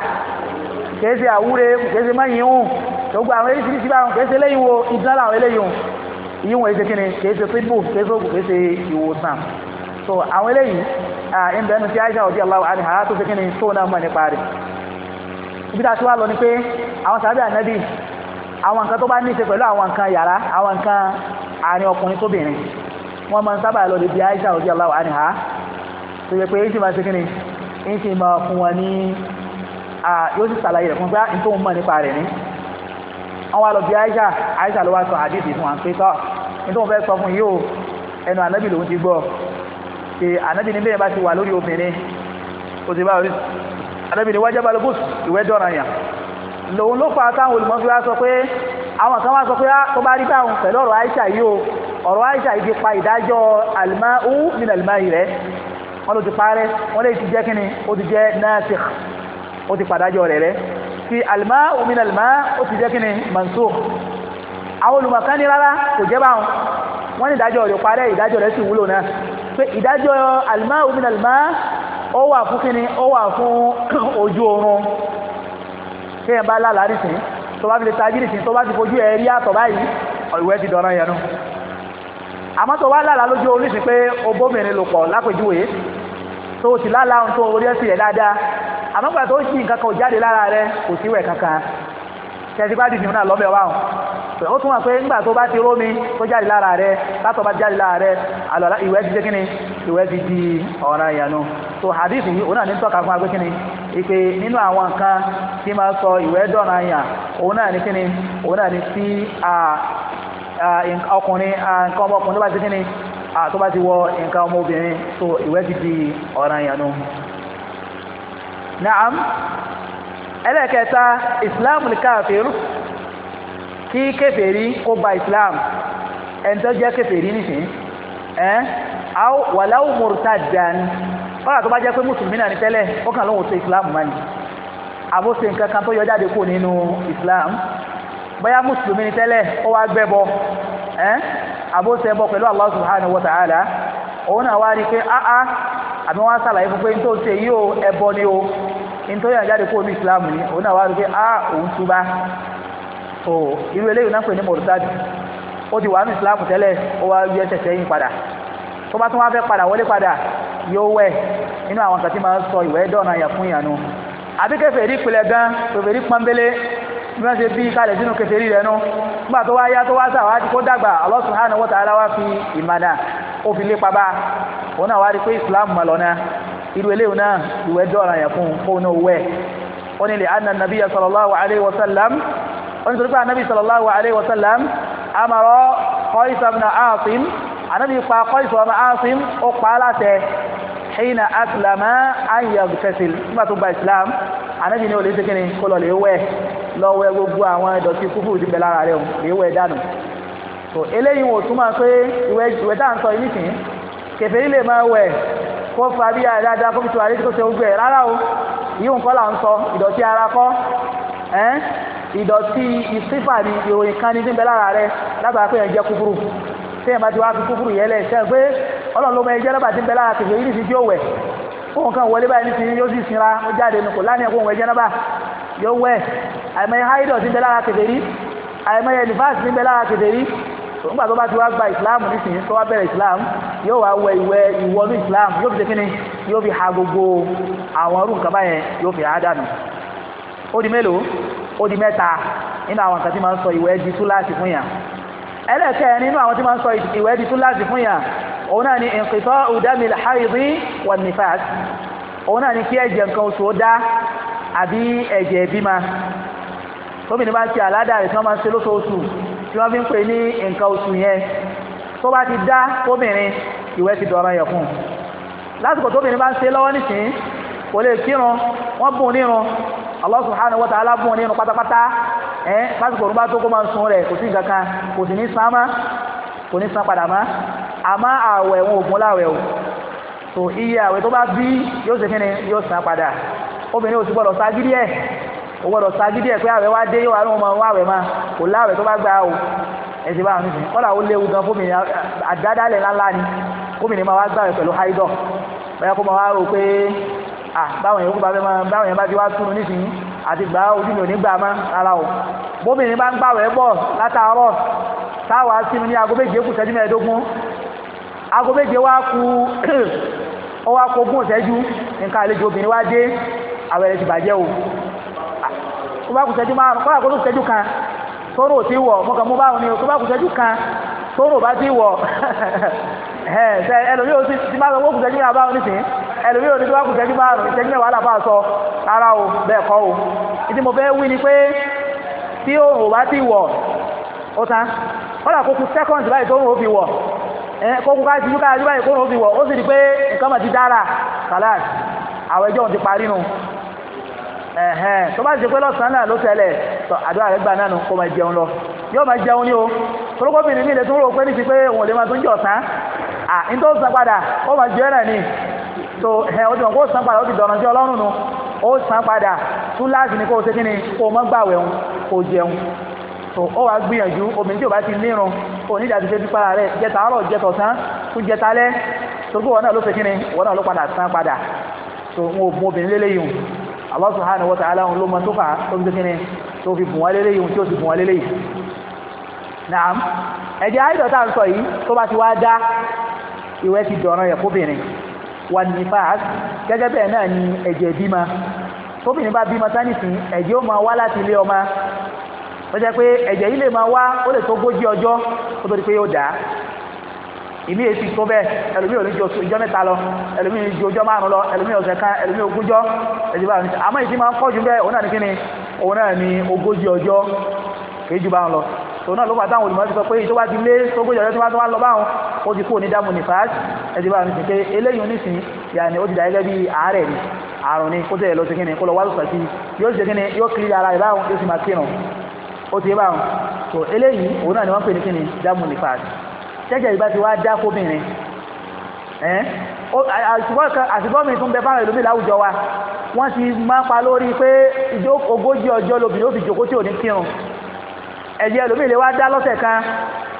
kìí ṣe àwúre kìí ṣe mọ́yìn hùn gbogbo àwọn eléyìí ti báwọn kìí ṣe eléyìí wo ìdánlá àwọn eléyìí hùn yìí wọ́n ṣe kíni kìí ṣe pitbull kìí ṣe oògùn kìí ṣe ìwòsàn so àwọn eléyìí ẹ̀ ń bẹ́ẹ̀ nu ti Aisha ọ̀dí aláwọ̀ àníhà tó ṣe kíni tó náà mọ̀ nípa rẹ̀ ibi tá a ti wá lọ ni pé àwọn sàbẹ̀ ànábì àwọn nǹkan tó bá ní í ṣe pẹ̀lú àwọn nǹkan yàrá àwọn nǹkan àárín ọkùnrin tóbìnrin wọ́n máa ń sábà lọ lè bí Aisha ọ̀dí aláwọ̀ àníhà tó yẹ pé èyí ti máa ṣe kíni èyí máa fún wọn ní yóò sì ṣàlàyé rẹ̀ fún gbá wọ́n wá lọ bí Aisha Aisha ló wá sọ àdìsí fún wa pé tọ́ nítorí wọ́n fẹ́ sọ fún yìí o ẹnu ànábì lòun ti gbọ́ pé ànábì ní bẹ́ẹ̀ bá ti wà lórí obìnrin ó ti bá orí ànábì ní wájà balùbù ìwé dọ̀ràn yàn lòun ló fa táwọn olùmọ̀ fi wá sọ pé àwọn kan wá sọ pé ah, tó bá rí báwọn pẹ̀lú ọ̀rọ̀ Aisha yìí o ọ̀rọ̀ Aisha yìí ti pa ìdájọ́ àlùmá ó nínú àlùmá yìí rẹ̀ wọ́n ló ti parẹ́ wọ́n lè ti jẹ́ kínni ó ti jẹ́ náà ti ó ti pàdájọ́ rẹ̀ rẹ̀ fi alima omin alima ó ti jẹ́ kí manso àwọn olùmọ̀kan ní rárá kò jẹ́ báwọn wọ́n ní ìdájọ́ rẹ̀ parẹ́ ìdájọ́ rẹ̀ sì wúlò náà pé ìdájọ́ alima omin alima ó wà fún kí ni ó wà fún ojú oorun kéèyàn bá lálàá nìsín tó bá fi lè tají nìsín tó bá ti fojú ẹ̀ rí àtọ̀ báyìí ìwé ti dọ̀rọ̀ yẹn nù àmọ́ tó wá lálàá lójú oorun nìsín pé obómìnrin lò pọ̀ lápèjúwe tó ti lálàá ohun tó orí ẹ̀sìn rẹ̀ dáadáa àmọ́gbà tó ṣì nǹkan kan ò jáde lára rẹ kò sí wẹ̀ kankan tẹ̀sí bá dìbò náà lọ́bẹ̀ wa ó tún wà pé nígbà tó bá ti rómi tó jáde lára rẹ látọ̀ bá jáde lára rẹ àlọ́ ti di so hadith yìí òun náà ní tọ́ka fún agbé kíni nínú àwọn nǹkan tí máa sọ dọ̀nà òun náà ní kíni òun náà ní sí ọkùnrin nǹkan ọmọkùnrin tó bá ti di naam ẹlẹ́kẹta islam ní káàfin kí kèfèrí kó ba islam ẹni tó jẹ́ kèfèrí nìsín ẹ́n àwọn wàláwù murtaddan kọ́nà tó bá jẹ́ pé mùsùlùmí náà ní tẹ́lẹ̀ ó kàn lóhùn tó islam mọ́ ni àbóse nǹkan kan tó yọ jáde kó nínú islam bóyá mùsùlùmí ní tẹ́lẹ̀ ó wá gbẹ́bọ ẹ́n àbóse bọ pẹ̀lú allah subhanahu wa ta'ala òun náà wá rí pé àbí wọ́n á sàlàyé fún pé ní tó ṣe yí o ẹbọ ni o ní tó yàn jáde kó omi islam ni òun náà wá rí pé a òun túbá o irú eléyìí náà pè ní mọ̀rútàdì ó ti wà ní islam tẹ́lẹ̀ ó wá yẹ ṣẹ̀ṣẹ̀ yín padà tó bá tún wá fẹ́ padà wọlé padà yóò wẹ̀ inú àwọn kan tí máa ń sọ ìwẹ́ dọ̀nà yẹn fún ìyànnu àbí kèfèrí pilẹ̀ gan kèfèrí pọ́nbélé bí wọ́n ṣe bí kalẹ̀ sínú kèfèrí rẹ̀ nu nígbà tó wá yá tó wá sàwádìí kó dàgbà Allah subhanahu wa ta'ala wá fi ìmàdà ó fi lépa bá òun náà wá rí pé islam mọ̀ lọ́nà irú eléyìí náà ìwẹ̀ dọ́ra yẹn fún fóun náà wẹ̀ ó ní lè anna nabiya sallallahu alayhi wa sallam ó ní torí pé anabi sallallahu alayhi wa sallam amarọ Qais ibn Asim anabi pa Qais ibn Asim ó pa á láṣẹ hina aslama an yaghtasil nígbà tó gba islam anabi ní olè sékìnì kó lọ lè wẹ̀ lọ gbogbo àwọn ìdọ̀tí kúkúrú ti bẹ̀ lára rẹ̀ lè wẹ̀ dànù eléyìí wò túmọ̀ pé ìwẹ̀ tá sọ yìí nìsín kèfèrí lè máa wẹ̀ kó fa bí i dáadáa kó fi tu àríkí tó ṣe gbẹ rárá o yíò ń kọ́ là ń sọ ìdọ̀tí ara kọ́ ẹ́n ìdọ̀tí ìsífà ni ìròyìn kan ní níbẹ̀ lára rẹ látara pé ẹ̀ ń jẹ́ kúkúrú téèyàn bá ti wá fi kúkúrú yẹn lẹ̀ sẹ́yìn pé ọlọ́run ló mọ ẹjẹ́ lọ́ba ti ń bẹ lára kèfèrí ní ti tí ó wẹ̀ fóun kan wọlé báyìí ní ti yóò sì sinra ó nígbà tó bá ti wá gba islam nísìnyí tó wá bẹ̀rẹ̀ islam yóò wá wẹ ìwẹ̀ ìwọlú islam yóò fi ṣe kíni yóò fi ha gbogbo àwọn irú nǹkan báyẹn yóò fi ha dànù ó di mélòó ó di mẹ́ta nínú àwọn nǹkan tí máa ń sọ ìwẹ̀ di túláàsì fún yàn ẹlẹ́kẹ̀ẹ́ nínú àwọn tí máa ń sọ ìwẹ̀ di túláàsì fún yàn òun náà ni inqita'u damil haidi wan nifas òun náà ni kí ẹ̀jẹ̀ nǹkan oṣù ó dá àbí ẹ̀jẹ̀ ìbímọ tóbi ní bá ń ṣe àládà tí wọ́n fi ń pè ní nǹkan oṣù yẹn tó bá ti dá tóbìnrin ìwẹ̀ ti dọ̀rọ̀ yẹ̀ fún un lásìkò tóbìnrin bá ń ṣe lọ́wọ́ nísìnyí kò lè kírun wọ́n bùn nírun Allah subhanahu wa ta'ala bùn nírun pátápátá ẹ̀ lásìkò òun bá tó kó máa sun rẹ̀ kò sí nǹkan kan kò sì ní san má kò ní san padà má àmọ́ àwẹ̀ wọn ò gún láwẹ̀ o tó iye àwẹ̀ tó bá bí yóò ṣe kí ni yóò san padà obìnrin ò sì gbọ́dọ̀ ṣagídí ẹ̀ o gbọ́dọ̀ sagídí ẹ̀ pé àwẹ̀ wá dé yóò wá lóun máa wá àwẹ̀ máa kò láwẹ̀ tó bá gbà o ẹ̀sìn bá wọn nìyí kọ́dà ó léwu gan fómìnì àdádálẹ̀ ńláńlá ni fómìnì máa wá gbàwẹ̀ pẹ̀lú haidọ̀ bẹ́ẹ̀ kó máa wá rò pé à báwọn yòókù bá fẹ́ máa báwọn yẹn bá ti wá túnú nísìnyí àti gbà ojú mi ò ní gbà má rárá o bómìnì bá ń gbàwẹ̀ bọ̀ látàárọ̀ táwa sínú ní aago méje kù ṣẹ́jú mẹ́ẹ̀ẹ́dógún aago méje wá ku ó wá kó gún ìṣẹ́jú nǹkan àlejò obìnrin wá dé àwẹ̀rẹ̀ ti bàjẹ́ o tó bá kù ṣẹ́jú márùn kọ́lá kó tó ṣẹ́jú kan tóóró ò ti wọ̀ mọ́kàn mú báwọn ni tó bá kù ṣẹ́jú kan tóóró bá ti wọ̀ ẹlòmí ò ti máa sọ wókù ṣẹ́jú márùn nísìnyí ẹlòmí ò ní tó bá kù ṣẹ́jú márùn ìṣẹ́jú mẹ́wàá làbá sọ rárá o bẹ́ẹ̀ kọ́ o ìdí mo fẹ́ ni pé tí òòrùn ò bá ti wọ̀ ó tán kọ́lá kó kù sẹ́kọ̀ǹdì báyìí tóóró ò fi wọ̀ kókó ká ti yúkà yúkà ìkóró ò fi wọ̀ ó sì di pé nǹkan mọ̀ ti dára kàlá àwọn ẹjọ́ ti parí nu ẹ̀hẹ́n tó bá ti pé lọ́sàn-án náà ló tẹ̀lẹ̀ tọ́ àdúrà rẹ̀ gbà náà kó máa jẹun lọ yóò máa jẹun ní o torókòbìnrin mi lè tún rò pé ní ti pé òun ò lè máa tún jẹ ọ̀sán à ń tó san padà ó máa jẹ náà ni tó ẹ̀ ó ti mọ̀ kó padà ó ti dọ̀nà sí ọlọ́run san padà ni kó o ṣe ni kó o mọ́ gbàwẹ̀ òun kó o jẹun tó ó wàá gbìyànjú obìnrin tí bá ti nírun ṣe jẹta tún náà ló kí ni Allah subhanahu wa ta'ala ló mọ tó fà tó fi kíni tó fi bùn wá lélẹ̀ yìí tí ó sì bùn wá lélẹ̀ yìí naam ẹ̀jẹ̀ àìdọ̀ tá à ń sọ yìí tó bá ti wá dá ìwẹ̀ ti dọ̀ràn yẹ̀ fóbìnrin wà ní fàás gẹ́gẹ́ bẹ́ẹ̀ náà ni ẹ̀jẹ̀ bímọ tóbìnrin bá bímọ sánìsìn ẹ̀jẹ̀ ó máa wá láti ilé ọmọ ó jẹ́ pé ẹ̀jẹ̀ yìí lè máa wá ó lè tó gójì ọjọ́ ó tó di pé yóò dáa ìmí èsì tó bẹ́ẹ̀ ẹlòmí ò ní ju ọjọ́ mẹ́ta lọ ẹlòmí ju ọjọ́ márùn lọ ẹlòmí ọ̀sẹ̀ kan ẹlòmí ogójọ́ ẹ̀dìbà àmọ́ ìdí máa ń pọ̀jù bẹ́ẹ̀ òun náà ní kíni òun náà ní ogójì ọjọ́ kìí ju báwọn lọ tòun náà ló máa táwọn olùmọ̀ ti sọ pé ìjọba ti lé ogójì ọjọ́ tí wọ́n á lọ báwọn ó ti kúrò ní dámù nífàásì ẹ̀dìbà ní pé eléyìí onísìn yàní ó ti dà bí àárẹ̀ ni àrùn ni kó tẹ̀ lọ sí kíni kó lọ wá lọ́sọ̀ sí yóò ṣe kíni yóò kiri ara rẹ̀ báwọn yóò sì máa kírun ó ti báwọn tó eléyìí òun náà ni wọ́n pè ní kíni dámù nífàásì tẹ́jẹ̀ ìgbà tí wá dá fóbìnrin ẹ́ àtìgbọ́mìnrin tó ń bẹ fáwọn ìlú mi láwùjọ wa wọ́n ti máa pa lórí pé ogójì ọjọ́ lóbìnrin ó fi jòkó tí ò ní kírun ẹ̀yẹ ìlú mi lè wá dá lọ́sẹ̀ kan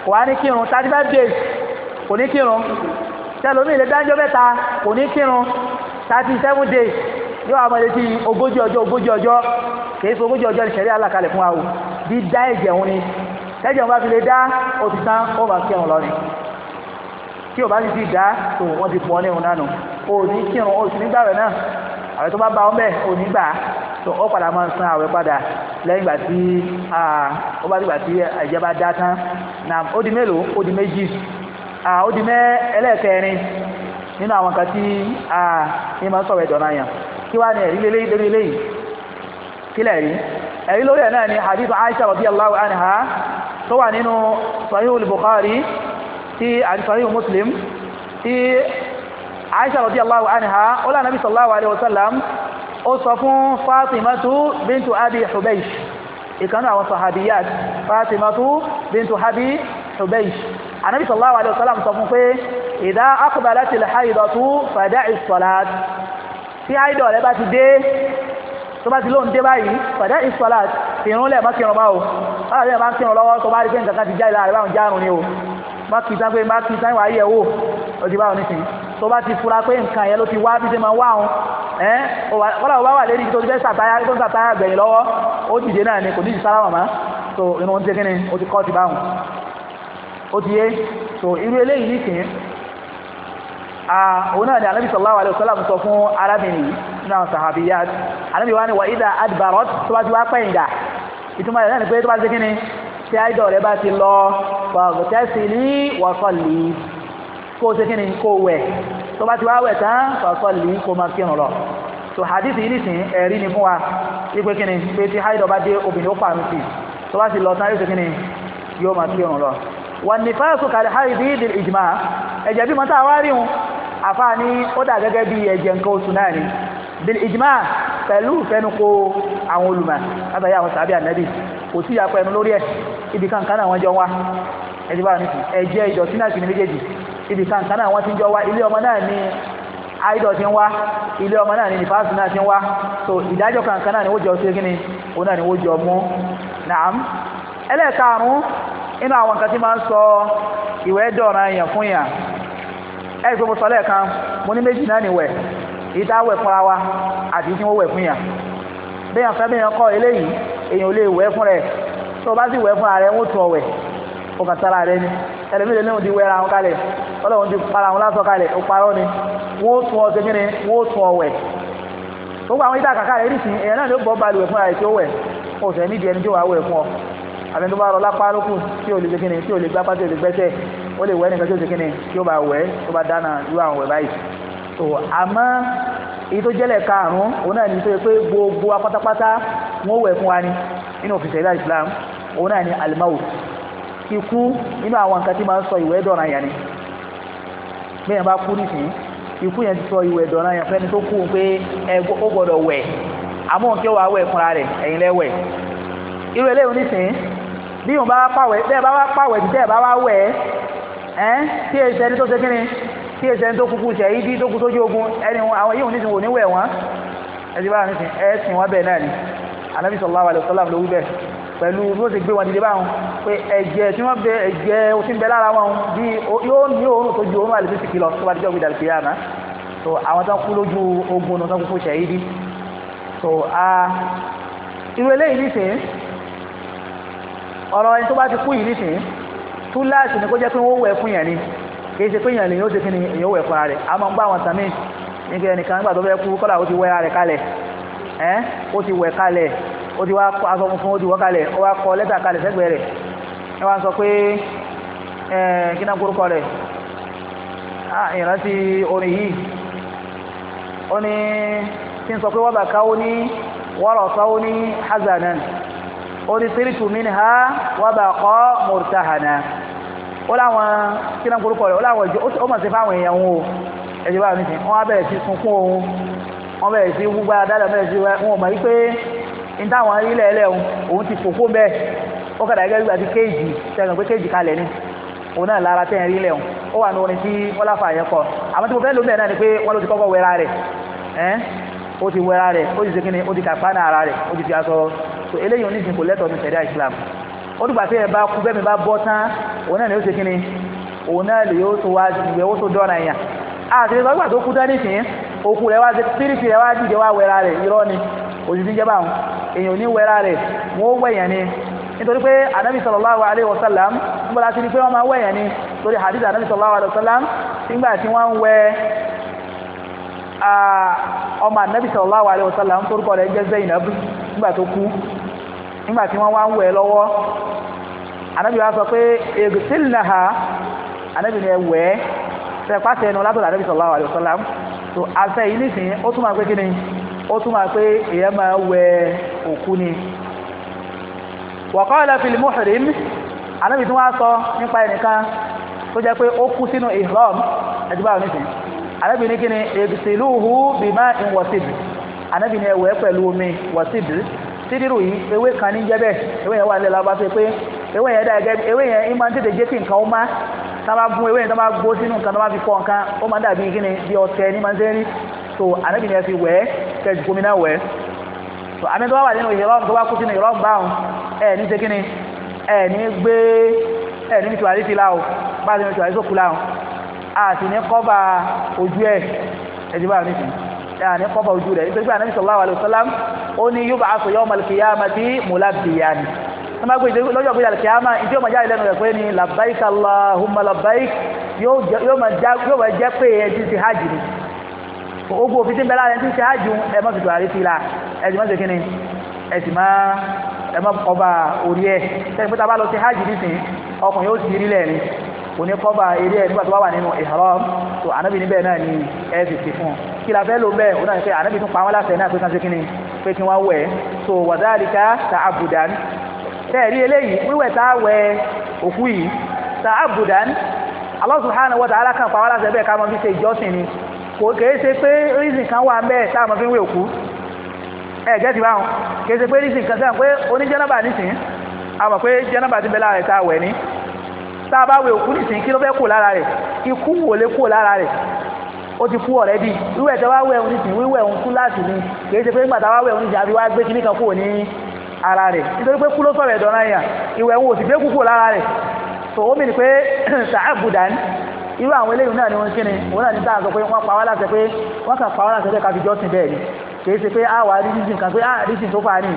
kò wá ní kírun thirty five days kò ní kírun tẹlomi lè dájọ́ mẹ́ta kò ní kírun thirty seven days yóò àwọn ẹni tí ogójì ọjọ́ ogójì ọjọ́ kì í ṣe ogójì ọjọ́ ìṣẹ̀rí alákalẹ̀ fún wa o bí dá ẹ̀jẹ̀ òun ni tẹ́jọ́ bá fi lè dá oṣù tán ó bá kírun lọ ni tí o bá ti fi dá tó wọ́n ti pọ̀ ní òun nánu o ní kírun o sì nígbà rẹ̀ náà àwẹ̀ tó bá ba ọmọ ẹ̀ o ní gbà tó ọ padà máa ń san àwẹ̀ padà lẹ́yìn ìgbà tí ó bá dìgbà tí ẹ̀jẹ̀ bá dá tán na ó di mélòó ó di méjì ó di mẹ́ ẹlẹ́ẹ̀kẹrin nínú àwọn kan tí ní máa ń sọ̀rọ̀ ẹ̀dọ̀ náà yàn kí wàá ní ẹ̀rí lélẹ́yìn lórí eléyìí kílẹ̀ ẹ̀rí lórí ẹ̀ náà ni hadith aisha radiyallahu anha tó wà nínú sahihul bukhari ti àti sahihul muslim ti aisha radiyallahu anha ó lànà bí sallallahu alayhi wa sallam ó sọ fún fatimatu bintu abi hubaysh ìkanú àwọn sahabiyat fatimatu bintu abi hubaysh anabi sallallahu alayhi wa sallam sọ fún pé ìdá akọbàlá ti lè haidọ̀tú tó bá ti lóun dé báyìí pàdé ìsọlá ìrún lẹ̀ má kírun bá o báwo lẹ́yìn bá ń kírun lọ́wọ́ tó bá rí pé nǹkan kan ti já ìlà rẹ̀ báwọn járun ni o má kí sáńpé má kí sáńpé wàá yẹ̀ wò ó ti báwọn nísìnyí tó bá ti fura pé nǹkan yẹn ló ti wá bí ṣe máa wá òun ẹ́ kọ́lá ò bá wà lérí tó ti fẹ́ sàtáyà tó ń sàtáyà gbẹ̀yìn lọ́wọ́ ó dìde náà ni kò ní ìsára màmá so inú oúnjẹ kí ni ó ti Ah, òun náà ni anabi sallallahu alayhi wa sallam sọ fún arábìnrin nínú àwọn sahabiya anabi wa ni wa ida adbarot tó bá ti wá pẹ̀yìndà ìtumọ̀ rẹ̀ náà ni pé tó bá ti ṣe kíni tí àìdọ̀ rẹ̀ bá ti lọ fàgọ̀tẹ́sìlì wàsọ̀lì kó ṣe kíni kó wẹ̀ tó bá ti wá wẹ̀ tán fàsọ̀lì kó máa kírun lọ so hadith yìí nìsín ẹ̀rí ni fún wa wípé kíni pé tí àìdọ̀ bá dé obìnrin ó pààrùn wànífàásù kàlìhárì bí ìdìl ìjìmá ẹ̀jẹ̀ bí mọ́tà wá rí wọn ní ó dà gẹ́gẹ́ bí nǹkan oṣù náà ni bil ijma pẹ̀lú ìfẹnukò àwọn olùmọ̀ látàrí àwọn sàbí ànábì kò sí ìyàpọ̀ ẹnu lórí ẹ̀ ibi kankan náà wọ́n jọ wá ẹ̀jẹ̀ ìdọ̀tí náà sì ní inú àwọn nǹkan tí máa ń sọ iwe dọ̀ra èèyàn fún yàn ẹ̀ gbogbo sọ lẹ́ẹ̀kan mo ní méjì náà nìwẹ̀ èyí ati a wẹ̀ fúnra wa àti tí wọ́n wẹ̀ fún yàn bẹ́ẹ̀ fẹ́ bẹ́ẹ̀ kọ́ eléyìí èèyàn ò lè wẹ̀ fún rẹ̀ tó o bá sì wẹ̀ fúnra rẹ̀ wọ́n tún ọ o kà sára ni ẹlẹ́mìlẹ́ ti wẹ́ra wọn kalẹ̀ ti para wọn lásọ kalẹ̀ ọ ni wọ́n tún gbogbo àwọn ìdá kàkà rẹ̀ èèyàn náà ló bọ́ balùwẹ̀ tí ó o nídìí ẹni tí wàá wẹ̀ àbẹ̀ni tó bá rọ lápá lókù tí ò lè ṣe kíni tí ò lè gbápá tí ò lè gbẹ́sẹ̀ ó lè wẹ́ nìkan tí ò ṣe kíni tí ó bá wẹ́ tó bá dáná irú àwọn wẹ̀ báyìí so àmọ́ èyí tó jẹ́lẹ̀ karùn-ún òun náà ní tó yẹ pé gbogbo apátápátá wọn ó wẹ̀ fún wa ni nínú òfin ṣẹ̀dá Islam òun náà ní alimawu ikú nínú àwọn nǹkan tí máa ń sọ ìwẹ̀ dọ̀nà yẹn ni bẹ́ẹ̀ bá kú nísìnyí ikú yẹn ti sọ ìwẹ̀ dọ̀nà yẹn fẹ́ni tó kú pé ẹ ó gbọ́dọ̀ wẹ̀ àmọ́ òun kí ó wàá wẹ̀ fúnra rẹ̀ ẹ̀yin lẹ́wẹ̀ irú eléyìí nísìnyí bí wọn bá wá pàwẹ̀ tẹ́ ẹ bá wá pàwẹ̀ tẹ́ ẹ bá wá wẹ̀ ẹ́ tí èsì ẹni tó ṣe kíni tí èsì ẹni tó kúkú ṣẹ̀ yí bí tó kú sójú ogun ẹni àwọn yìí wọn nísìnyí wò ní wẹ̀ wọ́n ẹtì báwọn nísìnyí sìn wọ́n bẹ́ẹ̀ náà ni anabi sallallahu alaihi wasallam ló wí bẹ́ẹ̀ pẹ̀lú bí wọ́n ti gbé wọn dìde báwọn pé ẹ̀jẹ̀ tí wọ́n bẹ ẹ̀jẹ̀ tí ń bẹ lára wọn bí yóò ní òórùn tó ju òórùn àlùfíìsì lọ tó bá dijọ́ gbìdàlùfì yá àná so àwọn tó ń kú lójú ogun náà tó ń kú ṣẹ̀yí bí so irú eléyìí nìsín ọ̀rọ̀ ẹni tó bá ti kú yìí nísìnyí túláàsì ni kó jẹ́ pé wọ́n wẹ̀ fún yẹn ni kì í ṣe pé yẹn lè yóò ni èyàn wẹ̀ rẹ̀ a máa ń gbọ́ nígbà tó fẹ́ kú ó ti ara rẹ̀ kalẹ̀ ó ti wẹ̀ kalẹ̀ ó ti wá aṣọ funfun ó ti wọ́ kalẹ̀ ó wá kọ lẹ́tà kalẹ̀ sẹ́gbẹ̀ẹ́ rẹ̀ ẹ wá sọ pé ó ní sírìtù ha wa baqa murtahana ó láwọn kí náà korúkọ rẹ̀ ó ìjọ ó mọ̀ sí fáwọn èèyàn wọn o ẹ̀jẹ̀ báwọn nìyẹn wọ́n á bẹ̀rẹ̀ sí sunkún ohun wọ́n bẹ̀rẹ̀ sí bẹ̀rẹ̀ sí wọn mọ̀ wípé ilẹ̀ ẹlẹ́ òun ti fòkó bẹ́ẹ̀ ó kàdà gẹ́gẹ́ bí àti kéèjì sẹ́gun pé kéèjì kalẹ̀ ni òun náà lára ó wà ní orin tí wọ́n láfa kọ àmọ́ tí mo fẹ́ lómi ẹ̀ náà ni pé wọ́n ti kọ́kọ́ rẹ̀ ẹ́ ó ti rẹ̀ ó ti ara rẹ̀ ó ti so eléyìí oníṣìí kò lẹ́tọ̀ọ́ ní sẹ̀dá islam ó dùgbà tí ẹ bá kú bẹ́ẹ̀ mi bá bọ́ tán òun náà ni ó ṣe kíni òun náà lè yóò tó wá ìwé ó tó dọ́ra ẹ̀yà àti ìgbà tó kú tán nísìnyí òkú rẹ̀ wá spiriti rẹ̀ wá dìde wá wẹ̀ra rẹ̀ irọ́ ni òṣìṣẹ́ jẹ́ báwọn èèyàn ní wẹ̀ra rẹ̀ wọ́n wẹ̀yàn ni nítorí pé anabi sallallahu alayhi wa sallam nígbà láti ní pé wọ́n máa wẹ̀yàn ni torí hadith anabi sallallahu alayhi wa sallam nígbà tí wọ́n ń wẹ̀ ọmọ anabi sallallahu alayhi wa sallam torúkọ rẹ̀ jẹ́ Zainab nígbà tó kú nígbà tí wá ń anabi wa sọ pé anabi ni ẹ ẹ anabi tó yìí ó pé pé èèyàn máa òkú ni anabi tí wọ́n á sọ nípa ẹnìkan tó jẹ́ pé ó kú sínú ẹ̀dúbà oníṣẹ́ arábìnrin ní kíni èbìsìlúhu bìmá ìwọ̀síbì arábìnrin ẹ̀wẹ̀ pẹ̀lú omi wọ̀síbì sídìrú yìí ewé kan ní jẹ́bẹ̀ ewé yẹn wà nílẹ̀ lábá tó pé ewé yẹn dàgẹ́ ewé yẹn ìmọ̀ ń tètè jẹ́ kí nǹkan ó má tá a bá yẹn tá gbó sínú nǹkan tá fi fọ nǹkan ó má dàbí kíni bí ọtẹ ní máa ń sẹ́rí so arábìnrin ẹ̀ fi wẹ̀ kẹ́ẹ̀sì gómi náà wẹ̀ so àmì tó bá wà nínú ìrọ́m tó bá kú sínú ìrọ́m báwọn ẹ̀ ní ṣe kíni ẹ̀ ní gbé ẹ̀ ní mìtìwárí ti láwọn bá a ti mìtìwárí sókù láwọn àti ní kọ́ba ojú ẹ̀ ẹ̀dínwó àmì sí àní kọ́ba ojú rẹ̀ nítorí pé ànábì sallallahu alaihi wasallam ó ní yub'athu yawmal qiyamati mulabbiyan nígbà pé lọ́jọ́ pé al-qiyama ìdí ọmọ jáde lẹ́nu rẹ̀ pé ní labbaik allahumma labbaik yóò máa jẹ́ pé ẹ ọkùnrin yóò sì rí lẹ́ẹ̀rin kò ní kọ́ba eré ẹ̀ nígbà tó bá wà nínú ihram tó ànábì níbẹ̀ náà ni ẹ fi fi fún un kí la fẹ́ lò bẹ́ẹ̀ ó náà pé ànábì tún pa wọn láṣẹ náà pé kan ṣe kí ni pé kí wọ́n wẹ̀ so wàdáàlìkà ta'abudan tẹ́ẹ̀rí eléyìí wíwẹ̀ tá a wẹ òkú yìí ta'abudan Allah subhanahu wa ta'ala kan pa wọn láṣẹ bẹ́ẹ̀ ká mọ fi ṣe ìjọsìn ni kò kèé ṣe pé rízìn kan wà bẹ́ẹ̀ tá a mọ fi ń wẹ̀ òkú ẹ̀ gẹ́tì báwọn kèé ṣe pé rízìn kan sẹ́wọ̀n pé oníjẹ́nàbà nísìn àwọn pé jẹ́nàbà ti bẹ́ láàrin tá a wẹ̀ ni tá a bá wẹ òkú nìsín kí ló fẹ́ kó lára rẹ̀ ikú wò lè kó lára rẹ̀ ó ti kú ọ̀rẹ́ bí wíwẹ̀ tẹ́ wá wẹ̀ òun nìsín wíwẹ̀ òun kú láti ni kìí ṣe pé nígbà tá a wá wẹ̀ òun nìsín àfi wá gbé kíní kan kúrò ní ara rẹ̀ nítorí pé kú ló sọ̀rọ̀ ẹ̀dọ̀ náà yàn ìwẹ̀ òun ò sì gbé kú kúrò lára rẹ̀ tòun mi ni pé sàábùdà ni irú àwọn eléyìí náà ni wọ́n kíni wọ́n náà ní tá à ń sọ pé wọ́n pa wá láṣẹ pé wọ́n kà pa wá láṣẹ pé káfíjọ́ sìn bẹ́ẹ̀ ni kì í ṣe pé ah, àwa rísìn kan pé àà ah, rísìn tó fà á ní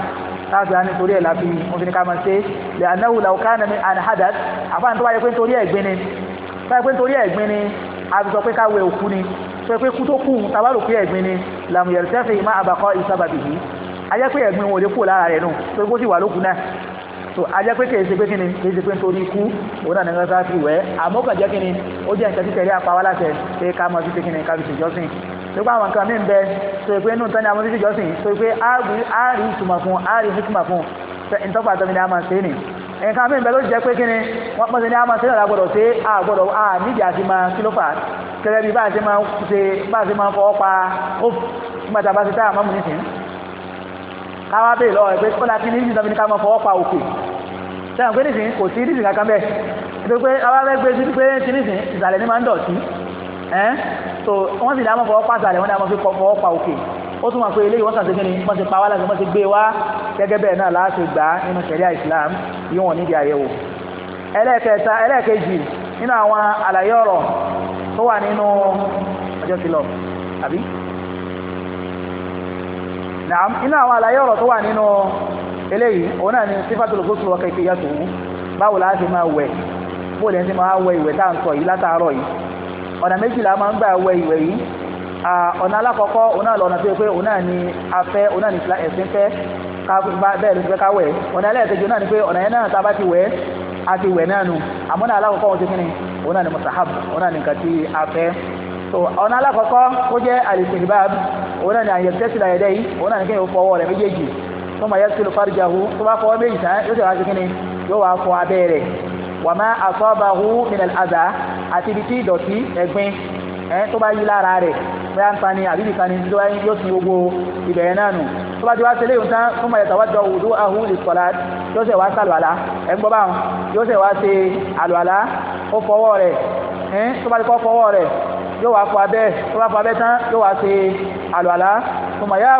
láti wá nítorí ẹ̀ láti wọ́n fi ní ká máa ṣe lè anáwó làwọn káàna ní anahada àfáàní tó bá yẹ pé nítorí ẹ̀gbin ni tó yẹ pé nítorí ẹ̀gbin ni a fi sọ pé káwé òkú ni tó yẹ pé kú tó kù tabalò pé ẹ̀gbin ni làmùyẹ̀rù tẹ́fẹ̀ẹ́ má àbàkọ́ ìsábàbì yìí a ẹ̀gbin wọn ò lè kú lára rẹ̀ nù tó kó sì wà lókun náà so ajẹ́ pé kèése pé kíni kèése pé nítorí ikú òun náà nìkan sáà fi wẹ̀ àmọ́ kàn jẹ́ kíni ó jẹ́ nǹkan títẹ̀lé àpáwá láṣẹ pé ká mọ sí pé kíni ká fi ṣèjọ́sìn tó pé àwọn nǹkan míì ń bẹ tó pé inú tán ni àwọn ṣèjọ́sìn tó pé á rí ìtumọ̀ fún á rí hikima fún ìtọ́pàá tọ́mi ni a máa ṣe é nì nǹkan míì ń bẹ ló jẹ́ pé kíni wọ́n pọ́n sí ni a máa ṣe é àgbọ̀dọ̀ àgbọ̀dọ̀ à àti máa kí ló fà gẹ́gẹ́ bí bá a ṣe máa ń fọwọ́ pa ó nígbà tá a bá ṣe tá a máa mú nísìnyí káwá bèè lọ ẹgbẹ́ kọ́lá kí ní ìdí ìdọ́bí ní ká mọ́ fọwọ́ pa òkè sẹ́wọ̀n pé nìsín kò sí ìdí kankan bẹ́ẹ̀ nítorí pé àwọn abẹ́ gbé sí pé ti nìsín ìsàlẹ̀ ní máa ń dọ̀tí ẹ́ so wọ́n sì dá mọ́ fọwọ́ pa ìsàlẹ̀ wọ́n dá mọ́ fi fọwọ́ pa òkè ó tún mọ̀ pé eléyìí wọ́n sàṣẹ́ kíni wọ́n ti pa wá láti wọ́n ti gbé wá gẹ́gẹ́ bẹ́ẹ̀ náà láti gbà nínú ṣẹ̀ríà Islam yìí wọ́n nídìí àyẹ̀wò ẹlẹ́ẹ̀kẹta ẹlẹ́ẹ̀kejì nínú àwọn àlàyé ọ̀rọ̀ tó wà nínú ọjọ́ ti àbí na inú àwọn àlàyé to wa ninu eleyi eléyìí òun náà ni sífàtúlù gúúsù wa kayfiyatuhu báwo la ti ma wẹ̀ bó lè ti máa wẹ̀ ìwẹ̀ tá à ń sọ ma látàárọ̀ yìí ọ̀nà méjìlá ni a bá ti wẹ̀ àti wẹ̀ náà nù àmọ́ náà alákọ̀ọ́kọ́ òun ti kí ni òun ni mustahab so ọ̀nà alákọ̀ọ́kọ́ ó jẹ́ alìsìnbáb òun náà ni àyẹ̀ tẹ́sílà ẹ̀dẹ́ yìí òun náà ni kéèyàn fọwọ́ rẹ̀ méjèèjì tó máa yẹ sílù fárìjàhu tó bá fọwọ́ méjì tán yóò sì wá sí kíni yóò wá fọ abẹ́ rẹ̀ wàmá àsọ́bàhu minal àzà àti ibi tí ìdọ̀tí ẹ̀gbin ẹ̀ tó bá yí lára rẹ̀ bóyá ń pani àbí nìkan ni tó bá yí yóò ti gbogbo ibẹ̀ yẹn náà nù tó bá ti wá ṣẹlẹ̀ ìhùntán fún mọ̀ ẹ̀tàwá jọ wùdú ahùn yóò ṣẹ̀ wá sàlùwàlá ẹ̀ ń gbọ́ báwọn yóò ṣẹ̀ wá ṣe àlùwàlá ó fọwọ́ rẹ̀ ẹ̀ tó bá ti kọ́ fọwọ́ rẹ̀ yóò wá fọ abẹ́ tó bá fọ abẹ́ tán yóò wá ṣe àlùwàlá fún mọ̀ yá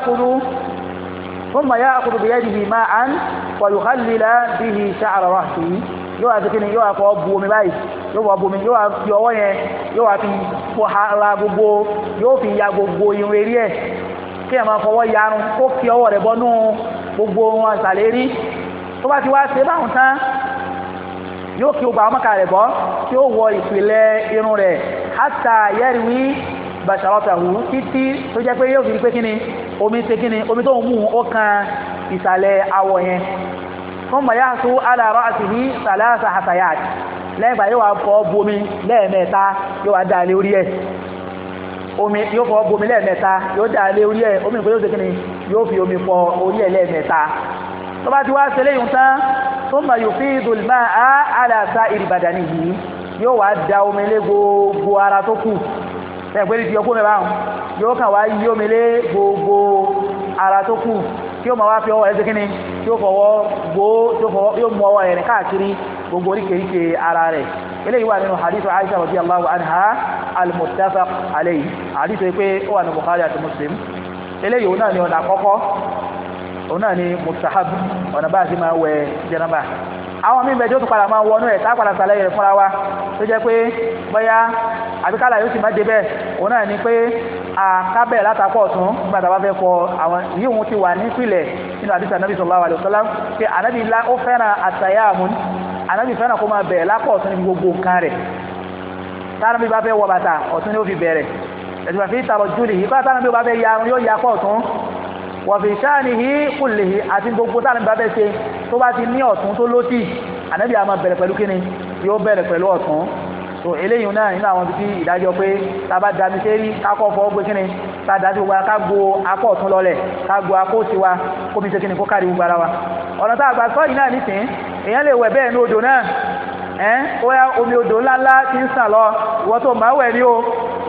fún mọ̀ yá yóò wá sí kíni yóò wá fọ bu omi báyìí yóò wá bu omi yóò wá fi ọwọ́ yẹn yóò wá fi fọ ara gbogbo yóò fi ya gbogbo irun eré ẹ̀ kí ẹ̀ máa fọwọ́ yarun kó fi ọwọ́ rẹ̀ bọ́ nú gbogbo ohun àṣàlẹ̀ rí tó bá ti wá ṣe báwọn tán yóò kí gbogbo àwọn mọ́ka rẹ̀ bọ́ tí ó wọ ìpìlẹ̀ irun rẹ̀ hátà yẹ́rìwí bàṣàlọ́tàwù títí tó jẹ́ pé yóò fi pé kíni omi ṣe kíni omi tó ń mú ó kan ìsàlẹ̀ awọ yẹn fún mọ̀ yáàsú aláàrọ̀ àti ní sàlásà hasayat lẹ́yìn ìgbà yóò wá fọ́ bomi lẹ́ẹ̀mẹ́ta yóò wá dá lé orí ẹ̀ omi yóò fọ́ bomi lẹ́ẹ̀mẹ́ta yóò dá lé orí ẹ̀ omi nìkan yóò ṣe kíni yóò fi omi fọ orí ẹ̀ lẹ́ẹ̀mẹ́ta tó bá ti wá ṣe léyìn tán tó mọ̀ yóò fi dùlùmọ́ á aláàsá ìrìbàdàn yìí yóò wá da omi lé gbogbo ara tó kù ẹ̀gbẹ́ni ti tí ó máa wá fi ọwọ́ ẹ̀ ṣe kí ni tí ó fọwọ́ gbó tí ó fọwọ́ yóò mú ọwọ́ ẹ̀rìn káàkiri gbogbo oríkèríkè ara rẹ̀ eléyìí wà nínú hadith aisha radiyallahu anha al Mustafa alayhi hadith pé ó wà ní bukhari àti muslim eléyìí òun náà ni ọ̀nà àkọ́kọ́ òun náà ni àwọn míì bẹ̀jọ́ tó padà máa wọnú ẹ̀ tá a padà sàlẹ̀ yẹn fúnra wa tó jẹ́ pé bóyá àbíkálà yóò sì má dé òun náà ni pé àkábẹ̀ látàkọ̀ ọ̀tún nígbà tá a bá fẹ́ fọ àwọn yìí òun ti wà nípìnlẹ̀ nínú àdìsí anábì sallallahu alaihi wasallam pé anábì ńlá ó fẹ́ràn àtàyàmùn anábì fẹ́ràn kó máa bẹ̀rẹ̀ lápọ̀ ọ̀tún níbi gbogbo nǹkan rẹ̀ tánábì bá fẹ́ wọ bàtà ọ̀tún ni ó fi bẹ̀rẹ̀ ẹ̀sùn àfi ìtàrọ̀ júlì ìkọ́ àtànábì ya yóò ya pọ̀ wọ̀fì sáànihi kùlìhì àti gbogbo táwọn bá bẹ́ẹ̀ ṣe tó bá ti ní ọ̀tún tó lótì ànábì àmọ́ bẹ̀rẹ̀ pẹ̀lú kíni yóò bẹ̀rẹ̀ pẹ̀lú ọ̀tún so eléyìí náà nínú àwọn bíbí ìdájọ́ pé tába dami sẹ́rí kákọ́ fọ́ gbé kíni tá a dájú wa ká go akọ́ ọ̀tún lọlẹ̀ ká go akọ́ òsì wa kó mi ṣe kíni kó kárí gbogbo ara wa ọ̀nà tá a gbà sọ́yìn náà nìsín èèyàn lè wẹ̀ bẹ́ẹ̀ ní odò náà ẹ́ ó yá omi odò ńláńlá ti ń sàn lọ ìwọ́ tó máa wẹ̀ ní o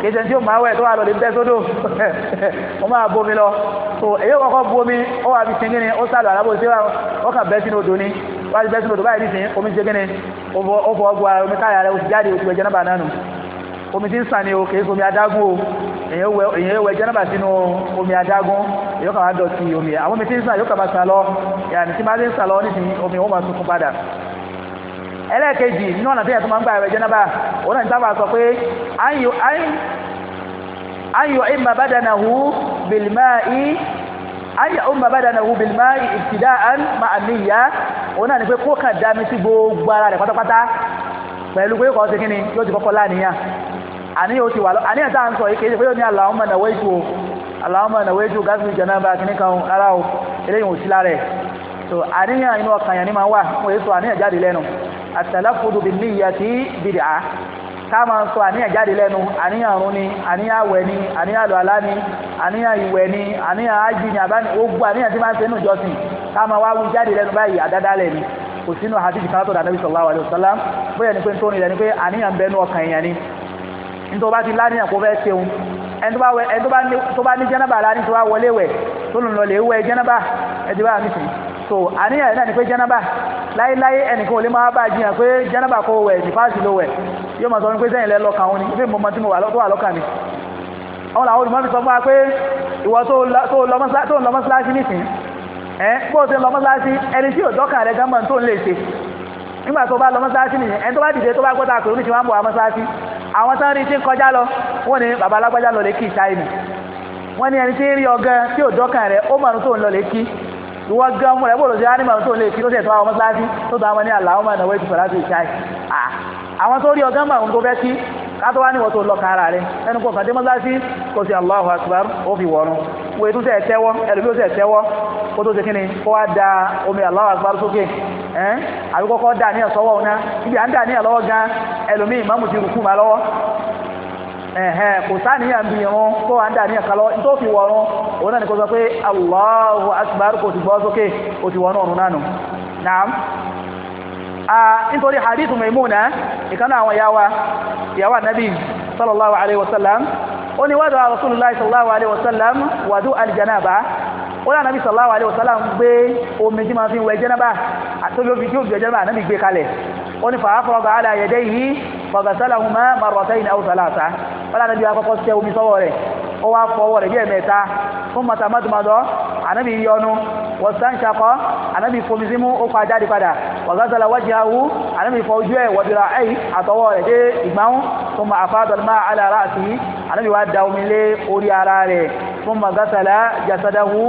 kìí ṣe tí ó máa wẹ̀ tó wà lọ́dẹ bẹ́ sódò ó máa bomi lọ so èyí kọ́kọ́ bomi ó wà fi ṣingíní ó sàlù àlábò sí wọn kàn bẹ́ sínú odò ni wọ́n á ti bẹ́ sínú odò báyìí nísìnyí omi ṣingíní ó fọ ọgbọ omi káyà rẹ ó ti jáde ó ti wẹ̀ jẹ́nàbà náà omi ti ń sàn ni o kìí ṣomi adágún o èyàn wẹ̀ jẹ́nàbà sínú omi adágún èyàn kàn wá dọ̀tí omi àwọn omi ti ń sàn yóò kàn sàn lọ ẹlẹ́ẹ̀kejì nínú ọ̀nà tí yẹn tó máa ń gbà wẹ̀ jẹ́nàbà òun náà ń sábà sọ pé ayọ̀ ìmà bàdànàhù bìlmáì ayọ̀ ìmà bàdànàhù bìlmáì ìtìdáàn máa níyà òun náà ni pé kó kàn dámi sí gbogbo ara rẹ̀ pátápátá pẹ̀lú pé kọ́ sí kí ni yóò ti kọ́kọ́ láníyàn àníyàn ti wà lọ àníyàn tá à ń sọ yìí kì í ṣe pé yóò ní Allahumma nawaitu o àtàlàfòdù bí níyà tí bìdà ká máa sọ àníyàn jáde lẹ́nu àníyàn ọ̀run ni àníyàn àwẹ̀ ni àníyàn àlọ́àlá ni àníyàn ìwẹ̀ ni àníyàn ájì ni àbá ni gbogbo àníyàn tí máa ń sẹ́nu ìjọsìn ká wá wí jáde lẹ́nu báyìí àdádálẹ̀ ni kò sínú hadith kan látọ̀dọ̀ Ànábì sallallahu alaihi wasallam bóyá ni pé tó ní ni pé àníyàn bẹnu ọkàn èèyàn ni nítorí bá ti láníyàn kó fẹ́ ṣeun ẹni tó bá ní jẹ́nàbà lá ní tó wá wọlé wẹ̀ tó lùn lè wẹ̀ jẹ́nàbà ẹ ti bá mi sìn so àníyàn rẹ̀ náà ni pé jẹ́nàbà láíláí ẹnìkan ò lè máa bá jiyàn pé jẹ́nàbà kò wẹ̀ nífàásì ló wẹ̀ yóò máa sọ wípé sẹ́yìn lẹ́ lọ́kàn òun ni ife mọ́mọ́ tí mo wà tó wà lọ́kàn mi àwọn làwọn olùmọ́ mi sọ lọ mọ́sálásí nìsín o ti ń lọ mọ́sálásí ẹni tí yóò dọ́kàn gánmọ̀ tó ń lè ìwọ gan mú rẹ bó ló ṣe ánìmọ̀ tó lè fi ló ṣe tó àwọn mọ́ṣáláṣí tó tó àwọn ní àlàó máa náwó ìtìfọ̀ láti ìṣáì àwọn tó rí ọgán màrún tó fẹ́ kí kátó wá níwọ̀ tó lọ kára rẹ ẹnu kò kàn dé mọ́ṣáláṣí kò sí Allahu Akbar ó fi wọ̀run wo ètò sẹ̀ tẹ́wọ́ ẹlòmí ó sẹ̀ tẹ́wọ́ kó tó ṣe kíni kó ẹ̀hẹ́ kò sáníyàn bí wọn kó wà ń dà ní ẹ̀ka lọ tó fi wọ̀run òun náà ni kò sọ pé Allahu akbar kò sì gbọ́ sókè kò sì wọ̀nà ọ̀run náà nù naam nítorí hadithu maimuna ìkànnà àwọn yàwá yàwá nabi sallallahu alaihi wasallam ó ní wàdùn rasulullah sallallahu alaihi wasallam wàdù aljanaba ó lànà bí sallallahu alaihi wasallam gbé omi tí ma fi wẹ̀ jẹ́nàbà àti omi tí ó fi wẹ̀ jẹ́nàbà gbé kalẹ̀ ó ní fàáfọ́ bàálà yẹ̀dẹ́ wàgàsálàhùmá marwatayn aw thalatha wọ́n ànábì akọ́kọ́ tẹ omi o rẹ̀ ó wá fọwọ́ rẹ̀ bí ẹ̀mẹ́ta fún mọ̀tàmọ́tàmọ́tọ́ ànábì yọnu wọ̀sánṣakọ́ ànábì fomisimu ó pa jáde padà wàgàsálà wajhahu ànábì fọ ojú ẹ̀ wọ̀dìrà ẹ̀yì àtọwọ́ rẹ̀ dé ìgbáhùn fún mọ̀ àfáàdọ̀lmá ala ra'sihi ànábì wá da omi lé orí ara rẹ̀ fún mọ̀gàsálà jasadahu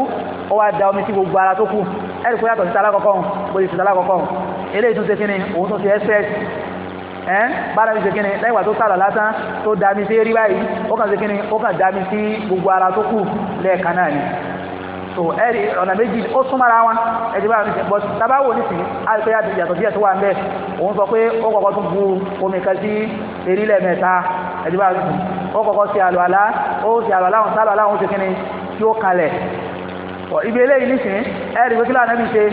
ó wá da omi sí gbogbo ara tó kù ẹ̀rì kó o sí tala kọ̀kọ́ ẹ́ bára mi ṣe kíni lẹ́yìn wà tó sàrọ̀ lásán tó da mi sí rí báyìí ó kàn ṣe kíni ó kàn da mi sí gbogbo ara tó kù lẹ́ẹ̀kan náà ni so ẹ̀rí ọ̀nà méjì ó súnmọ́ra wọn ẹ̀jẹ̀ bá mi ṣe bọ́ tábà wò ní sìn àìpé yàtọ̀ díẹ̀ tó wà ń bẹ̀ òun sọ pé ó kọ́kọ́ tún bu omi kan sí erí lẹ́ẹ̀mẹ́ta ẹ̀jẹ̀ bá mi sìn ó kọ́kọ́ ṣe àlùwàlá ó ṣe àlùwàlá òun sálọ aláwọn ṣe kíni tí ó kalẹ̀ ibi eléyìí nísìn ẹ̀rí pé kí lóò ànábì ṣe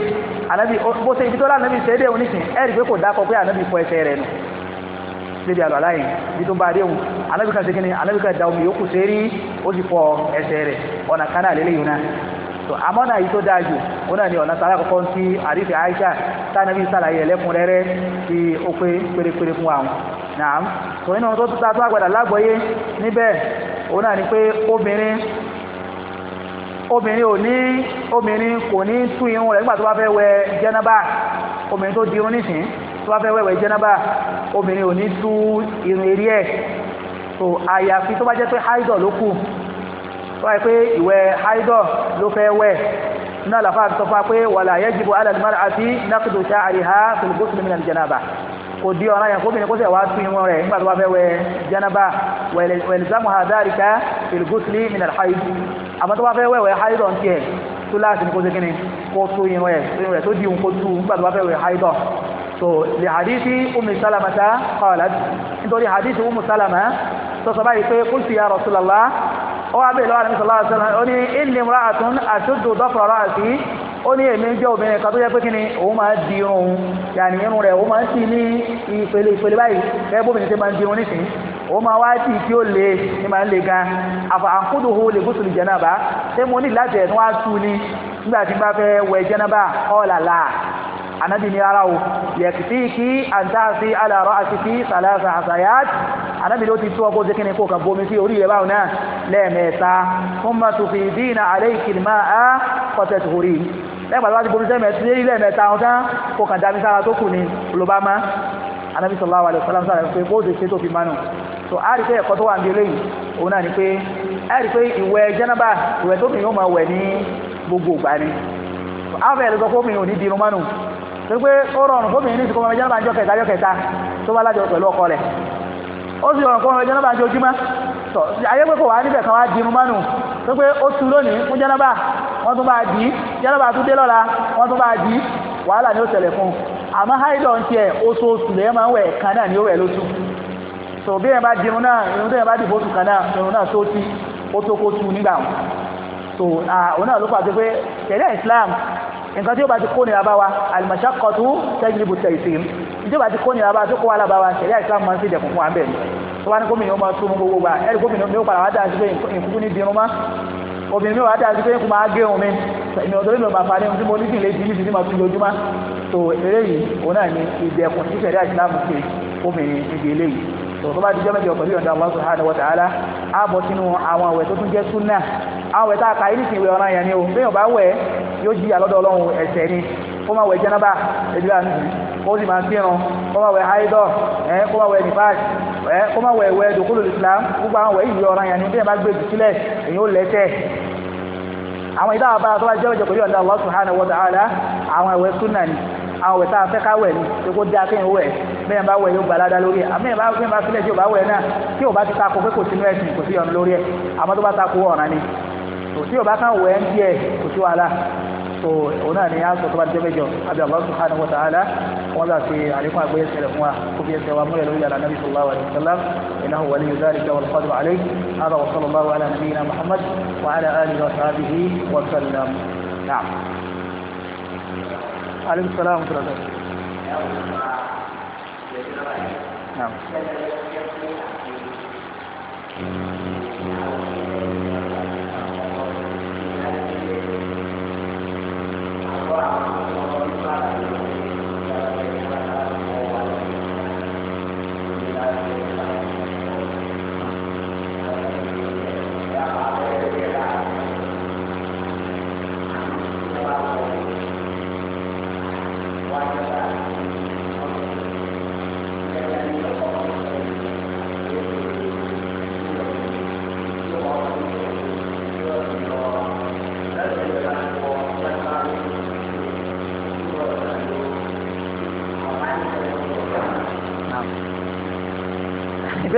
ànábì bó ṣe ibi tó lóò ànábì ṣe é dé òun nísìn ẹ̀rí pé kò dákọ pé ànábì fọ ẹsẹ̀ rẹ̀ nù síbi àlọ́ aláyìn bí tó ń bá a déhùn anábìkà ṣe kíni anábìkà da omi yòókù sérí ó sì fọ ẹsẹ̀ rẹ̀ ọ̀nà kan náà lélẹ́yìn so àmọ́ na yìí tó dáa jù ó náà ọ̀nà sára kọ́kọ́ tí àdìsí Aisha fún ta tó àgbàdà lágbọ́yé níbẹ̀ ó náà ní pé obìnrin obìnrin ò ní obìnrin kò ní tú irun rẹ̀ nígbà tó bá di tó bá fẹ́ wẹ̀wẹ̀ jẹ́nàbà obìnrin ò ní tú irun eré ẹ̀ so àyàfi tó bá jẹ́ pé haidọ̀ ló kù tó bá yẹ pé ìwẹ̀ haidọ̀ ló fẹ́ wẹ̀ ní àlàfà tó fà pé wàlà yajibu ala al-mar'ati naqdu sha'riha fil ghusl min al jẹ́nàbà tó láti ní kó ṣe kíni kó tó irun ẹ̀ irun ẹ̀ tó di nǹkó tú nígbà tó bá fẹ́ wẹ̀ haidọ̀ so lè hadithi umu salamata qalat nítorí hadithi umu salama tó sọ báyìí pé qultu ya rasulallah ó wá bèèrè lọ́wọ́ àdìmísọ̀ láti sọ́nà ó ní inni imra'atun ashuddu dhafra ra'si ó ní èmi jẹ́ obìnrin kan tó jẹ́ pé kí ni ó máa wá tí kí ó lè ní máa ń lè gan àfà àkúndùhù lè gúúsù lè jẹnàbà ṣé mo ní láti ẹ̀nu wá tú ni nígbà tí n bá fẹ́ wẹ̀ jẹnàbà ọ̀làlà ànábì ní ara o yẹ̀kìtì kí àǹtáàsì alàrọ̀ àti kí sàlàsà àṣàyàt ànábì ló ti tó ọkọ̀ sí kíni kó kàn bomi sí orí ìyẹ̀bá náà lẹ́ẹ̀mẹ́ta fún mọ́tòfin dínà àlẹ́ ìkìlímà á kọ́tẹ̀ tòrí lẹ́gbàá tó bá ti bomi sẹ́mẹ̀ẹ́ sí lẹ́ẹ̀mẹ́ta ọ̀tán kó kàn dámi sára tó kù ni ló bá anabi sallallahu alayhi wa sallam sọ̀rọ̀ pé bóde ṣe tó fi mánu so a rí pé ẹ̀kọ́ tó wà ní eléyìí òun náà ni pé a rí pé ìwẹ̀ jẹ́nàbà ìwẹ̀ tó mìíràn máa wẹ̀ ní gbogbo ìgbà ni afẹ́ ẹ̀rọ kó mìíràn ní dirun mánu torí pé ó rọrùn fún mi ní ìsìnkú ọmọ jẹ́nàbà ń jọ kẹta jọ kẹta tó bá lájọ pẹ̀lú ọkọ rẹ̀ ó sì rọrùn fún ọmọ jẹ́nàbà ń jọ ojúmọ́ tọ̀ ayé pé kò wá níbẹ̀ kan wá dirun mánu tó pé ó tu lónìí fún jẹ́nàbà wọ́n tún bá dì í jẹ́nàbà tún dé lọ́la wọ́n tún àmọ́ haidọ̀ ń tiẹ̀ oṣooṣù lẹ́yìn máa ń wẹ̀ kan náà ní ó wẹ̀ lóṣù so bí ẹ̀ bá dirun náà irun tó yẹn bá dìbò oṣù kan náà irun náà tó ti ó tó kó tu nígbà wọn so òun náà ló pàṣẹ pé tẹ̀lé Islam nǹkan tí ó bá ti kó nira bá wa al-mashaqqatu tajlibu at-taysir tí ó bá ti kó nira bá tó kó wà lábá wa Islam máa ń ṣèjẹ̀ fún wa ń bẹ̀ ni tó wá ní gómìnà ó máa tún gbogbo gbà ẹ̀rí gómìnà ó padà wá dáa sí obìnrin mi wà á dàbí pé kò máa gé òun mi ìmọ̀ ọ̀dọ́ mi ò máa fani tí mo ní kìlẹ̀ ti yìí ti máa tún lójúmọ́ tó eléyìí òun náà ni ìdẹ̀kùn tí sẹ̀rí àìsílámù ṣe obìnrin ibi eléyìí tó tó bá di jọ́ mẹ́jọ pẹ̀lú ìyọ̀ǹda Allah subhanahu wa ta'ala á bọ̀ sínú àwọn àwẹ̀ tó tún jẹ́ súnà àwọn àwẹ̀ tá a kà í nìsín ìwé ọ̀ràn yẹn ni o bí yóò bá wẹ̀ yóò jìyà lọ́dọ̀ Ọlọ́run ẹ̀ṣẹ̀ ni kó máa wẹ̀ jẹ́nàbà ẹ̀dígbà nìyí kó sì máa kírun kó máa wẹ̀ haidọ̀ ẹ̀ kó máa wẹ̀ nifas ẹ̀ kó máa wẹ̀ wẹ̀ dòkúlò islam gbogbo àwọn wẹ̀ ìwé ọ̀ràn yẹn ni bí ẹ̀ bá gbé jùsílẹ̀ èyí ó lẹ́sẹ̀ àwọn ìdá àbára tó bá jẹ́ òjò pẹ̀lú ọ̀dà Allah subhanahu wa ta'ala àwọn ẹ̀wẹ̀ súnà ni àwọn ẹ̀wẹ̀ tá a fẹ́ ká wẹ̀ ni tó kó dáa kéèyàn wẹ̀ bẹ́ẹ̀ bá wẹ̀ yóò gbà ládàá lórí ẹ̀ àmì ẹ̀ bá fẹ́ bá sílẹ̀ tí ò bá wẹ̀ náà tí ò bá ti takò pé kò sínú ẹ̀sìn kò sí ọ̀nà lórí ẹ̀ àmọ́ tó bá takò ọ̀ràn ni kò sí ò bá kàn wẹ̀ ń díẹ̀ kò sí wàhálà so òun náà ni a sọ tó bá jẹ́ mẹ́jọ àbí Allah subhanahu wa ta'ala wọ́n bá fi àlékún àgbéyé sẹ̀rẹ̀ fún wa kó fi ẹsẹ̀ wa múlẹ̀ lórí àlànà nabi sallallahu alayhi wa sallam innahu waliyyu dhalika wal qadiru alayhi hada wa sallallahu ala nabiyyina muhammad wa ala alihi wa sahbihi wa sallam naam. alaykum salaam wa rahmatulah. naam. Amen.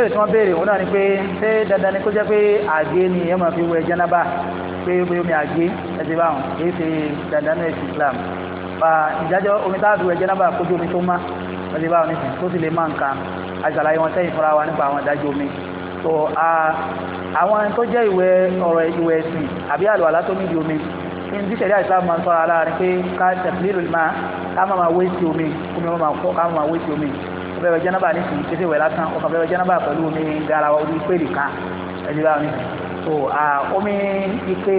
ìbéèrè tí wọ́n béèrè wọn náà ni pé ṣé dandan ni kó jẹ́ pé àgé ni èèyàn máa fi wẹ̀ jánábà pé pé omi àgé ẹ̀sìn báwọn kì í ṣe dandan ní ẹ̀sìn Islam fa ìdájọ́ omi tá a fi wẹ̀ jánábà kójú omi tó má ẹ̀sìn báwọn nìsín tó sì lè má nǹkan àṣàlàyé wọn sẹ́yìn fúnra wa nípa àwọn ìdájọ́ omi tó a àwọn tó jẹ́ ìwẹ̀ ọ̀rọ̀ ìwẹ̀ ẹ̀sìn àbí àlọ́ àlá tó nídìí omi in ti sẹ̀rí àìsàn máa ń sọ fẹ́ wẹ jẹ́nàbà nísìnyí kété wẹ̀ lásán ó kàn fẹ́ wẹ jẹ́nàbà pẹ̀lú omi garawa omi ìpèlè kan ẹni bá so omi ike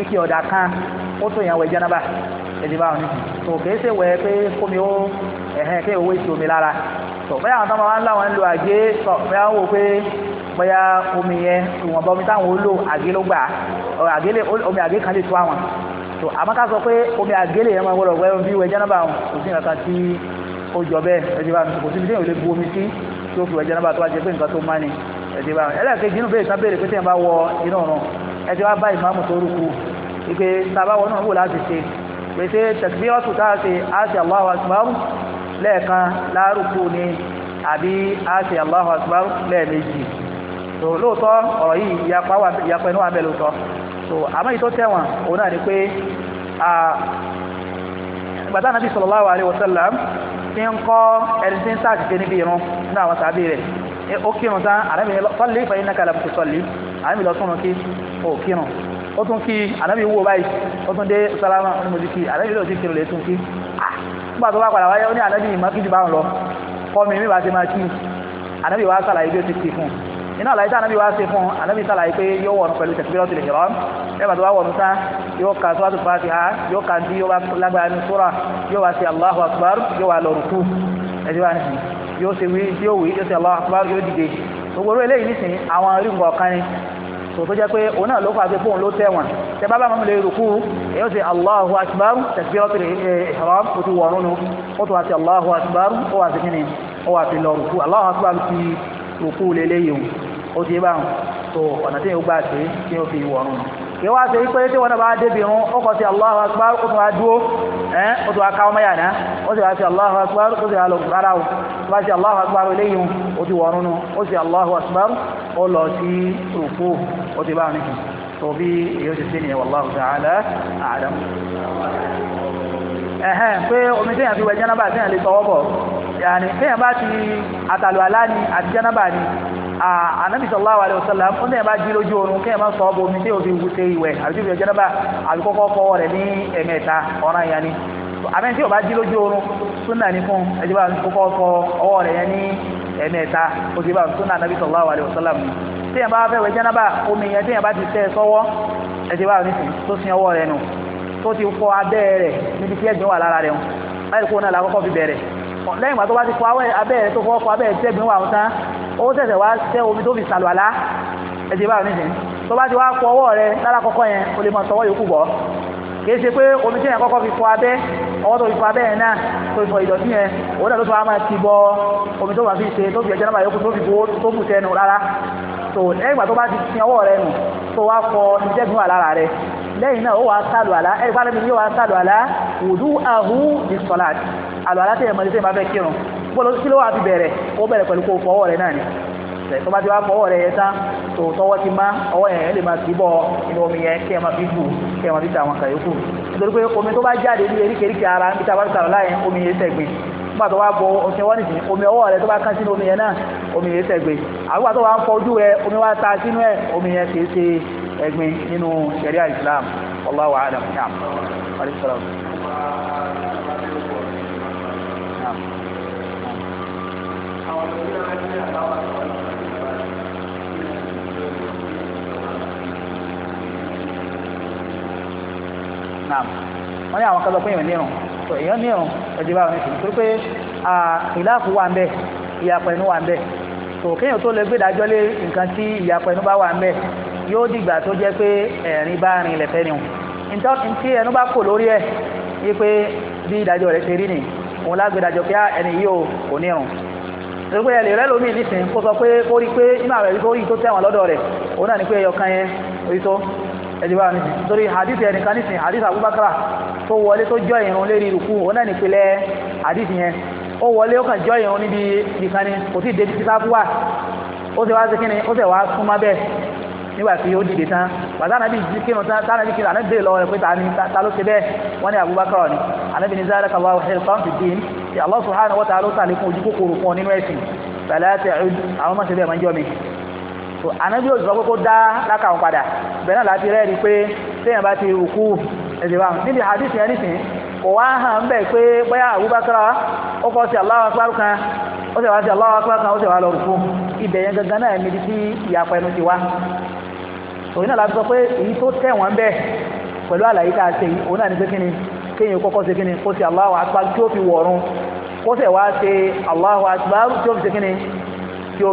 ike ọ̀dà kan ó tó yẹn wẹ jẹ́nàbà ẹni bá so kìí ṣe wẹ̀ pé kómi ó ẹ̀hẹ́n kéè owó ìṣe omi lára so bẹ́ẹ̀ àwọn tó máa ń láwọn ń lo àgé sọ bẹ́ẹ̀ wọ́n wò pé bóyá omi yẹn ìwọ̀nba omi táwọn ó lò àgé ló gbà omi àgé kan lè tó àwọn so àmọ́ ká sọ pé omi àgé lè yẹn máa wọ́n lọ wẹ́ omi wẹ̀ jẹ́nàbà òun nǹkan tí ó jọ bẹ́ẹ̀ ẹ̀jẹ̀ bá kò síbi téèyàn lè bu omi sí tí ó fi wẹ̀ jẹ́nàbà tó bá jẹ́ pé nǹkan tó má ni ẹ̀jẹ̀ bá ẹlẹ́ẹ̀kejì inú bẹ́ẹ̀ sábẹ́rẹ̀ pé téèyàn bá wọ inú ọ̀run ẹ̀jẹ̀ bá bá ìmáàmù tó rúkú ìpè tàbá wọnú wò láti ṣe pèsè a táàṣe àṣẹ Allahu akbar lẹ́ẹ̀kan lárúkú ni àbí àṣẹ Allahu akbar lẹ́ẹ̀mejì so lóòótọ́ ọ̀rọ̀ yìí ìyapa inú abẹ́ lóòótọ́ so àmọ́ ìtó tẹ̀wọ̀n òun náà ni pé gbàtà nàbí sallallahu alaihi wasallam tí ń kọ́ ẹni tí ń sáàtìṣe níbi irun nínú àwọn sàbí rẹ̀ ó kírun tán ànábì ní sọ́lé ìfẹ́ iná kalẹ̀ kò sọ́lé ànábì lọ túnrun kí ó kírun ó tún kí ànábì wò báyìí ó tún dé sálámà ó ní mo ti kí ànábì lóò ti kírun lè tún kí ah, nígbà tó bá padà wáyé ó ní ànábì ìmọ̀ kí ju báwọn lọ kọ́ mi mi bá ti máa kí ànábì wá sàlàyé bí ó ti kí fún un iná àlàyé tá ànábì wá ṣe fún ànábì sàlàyé pé yóò wọ̀nù pẹ̀lú tẹ̀síbírọ̀ tìlẹ̀ ìrọ̀ lẹ́gbà tó bá wọ̀nù tán yóò ka sọ́wọ́tò fatiha yóò ka tí yóò bá lágbára ní sura yóò wá sí allahu akbar yóò wá lọ́rù kú ẹ̀jẹ̀ wá nìyí yóò ṣe wí yóò wí yóò ṣe allahu akbar yóò dìde gbogbo orí eléyìí nìsín àwọn rí nǹkan kan ni tòótọ́ jẹ́ pé òun náà ló fà pé fóun ló tẹ̀wọ̀n tẹ bá bá mọ́mí lè rúkú èyí ṣe allahu akbar takbiratul ihram ó ti wọ̀rún nu ó tún wá sí allahu akbar ó wá sí kíni ó wá sí lọ rúkú allahu akbar ti rùkú lélẹ́yìí o ó ti bá wọn tó ọ̀nà tí yóò gbà sí tí yóò fi wọ̀rùn kí wá sí pé tí wọ́n náà bá débi wọn ó kọ́ sí Allahu Akbar ó tún wá dúó ẹ́ ó tún wá ká ọmọ yàrá ó sì wá sí Allahu Akbar ó sì wá lọ rárá ẹ̀hẹ́n pé omi tí yàn fi wẹ̀ jẹ́nàbà tí yàn lè tọwọ́ bọ̀ yàní téèyàn bá ti àtàlùwàlá ni àti jánábà ni ànábì sallallahu alaihi wasallam ó téèyàn bá jí lójú oorun kéèyàn má sọ ọ́ bomi téèyàn fi wúse ìwẹ̀ àbí tó fi wẹ̀ jánábà àbí kọ́kọ́ fọwọ́ rẹ̀ ní ẹ̀mẹ́ta ọ̀ràn yàní àmẹ́ tí o bá jí lójú oorun súnà ní fún ẹjọ́ bá kókó ọkọ ọwọ́ rẹ̀ yẹn ní ẹ̀mẹ́ta oṣù bá súnà nàbí sallallahu alaihi wasallam téèyàn bá fẹ́ wẹ̀ jánábà omi yẹn téèyàn bá ti tẹ́ ẹ sọ́wọ́ ẹjọ́ bá nísìn tó sin ọwọ́ rẹ̀ nù tó ti fọ abẹ́ rẹ̀ níbi tí ẹ̀gbìn wà lára rẹ̀ ń láì kó náà làkọ́kọ́ fi bẹ̀rẹ̀ lẹ́yìn ìgbà tó bá ti fọ abẹ́rẹ́ tó fọ́ fọ abẹ́rẹ́ tẹ́gbìn wà tán ó tẹ̀sẹ̀ wá tẹ́ omi tó fi sàlùwàlá ẹ̀jẹ̀ báyìí nìyẹn tó bá ti wá fọ ọwọ́ rẹ lára kọ́kọ́ yẹn o lè mọ tọwọ́ yòókù bọ́ kìí ṣe pé omi tí yẹn kọ́kọ́ fi fọ abẹ́ ọwọ́ tó fi fọ abẹ́ yẹn náà tó fi fọ ìdọ̀tí yẹn òun náà ló tó wá ti bọ omi tó wà fi ṣe tó fi ẹ̀jẹ̀ náà yókù tó fi bó tó bù sẹ́nu rárá tó lẹ́yìn tó bá ti sin ọwọ́ rẹ nù tó wá fọ ìjẹ́gun àlára rẹ lẹ́yìn náà ó wàá sálù àlá ẹ̀rí pálẹ̀ mi yóò wàá sálù àlá wùdú àhú ní sọ́lá àlọ́ àlá tẹ̀yẹ̀ máa fẹ́ kírun bọ́lá kí ló wà fi bẹ̀rẹ̀ ó bẹ̀rẹ̀ pẹ̀lú kó fọwọ́ rẹ náà ni sẹ̀ tó bá ti wá fọwọ́ rẹ̀ yẹ tán tó tọwọ́ ti má ọwọ́ yẹn lè máa tìbọ̀ inú omi yẹn kí ẹ máa fi bù kí ẹ máa fi ta àwọn kàyókù nítorí pé omi tó bá jáde ní eríkèéríkèé ara níbi bá sàrọ̀ láyé omi yẹn sẹ̀gbìn nígbà tó wá bọ ọṣẹ wọn nìsín omi ọwọ́ rẹ̀ tó bá kán sínú omi yẹn náà omi yẹn sẹ̀gbìn àgbà tó wá ń fọjú ẹ omi wá ta sínú ẹ omi yẹn kì í ṣe ẹ̀gbin nínú ṣẹ̀ríà Islam Allahu a'lam naam alayhi Thank you. islam wọ́n ní àwọn kan lọ pé èèyàn nírun tó èèyàn nírun ẹ̀jẹ̀ báwọn ní kìí torí pé ìlàkù wà ń bẹ̀ ìyàpọ̀ ẹnu wà ń bẹ̀ tó kéèyàn tó lè gbé dájọ́ lé nǹkan tí ìyàpọ̀ ẹnu bá wà ń bẹ̀ yóò dìgbà tó jẹ́ pé ẹ̀rín bá rin ilẹ̀ fẹ́ ni nǹkan tí ẹnu bá kò lórí ẹ̀ yí pé bí ìdájọ́ rẹ̀ ṣe rí nìyí òun lágbèdájọ pé ẹni yìí ò kò ní ọ̀hún torípé ẹ lè rẹ́ lómi nísìn kó sọ pé kó rí pé nínú àwọn ẹ̀rí tó rí tó tẹ̀wọ̀n lọ́dọ̀ rẹ̀ òun náà ní pé ẹyọkan yẹn orí tó ẹ̀dìbà ní torí hadith ẹni kan nísìn hadith abubakar tó wọlé tó jọ ìrun lérí ìrùkú ó náà nípìnlẹ̀ hadith yẹn ó wọlé ó kàn jọ ìrun níbi nìkan ni kò tí ì débi títà fún wa ó sì wá sí kíni ó sì wá súnmọ́ bẹ́ẹ̀ nígbà tí ó dìde tán bàtà ànábì jí kírun tán tánàbì kírun ànábì béèrè lọ́wọ́ rẹ̀ pé ta ló ṣe bẹ́ẹ̀ wọ́n ní abubakar ni ànábì ní zalika Allahu hirqan fi din Allah subhanahu wa ta'ala ó tàlékún ojú kòkòrò fún ọ nínú ẹ̀sìn pẹ̀lẹ́ àti àwọn ọmọ ṣe bẹ́ẹ̀ máa jọ mi ànábì ò sọ pé kó dá padà bẹ́ẹ̀ náà láti rẹ́ẹ̀rí pé téèyàn bá ti rùkú ẹ̀sìn wa níbi hadith yẹn nìsín kò wá hàn bẹ́ẹ̀ pé bóyá Abubakar ó kọ́ sí Allahu kan ó sì wá sí kan ó sì wá lọ rùkú ibẹ̀ yẹn gangan náà níbi tí ìyàpọ̀ ẹnu ti wá náà láti sọ pé èyí tó bẹ́ẹ̀ pẹ̀lú àlàyé a ṣe yìí òun náà ní kọ́kọ́ kó tí ó fi kó sì wá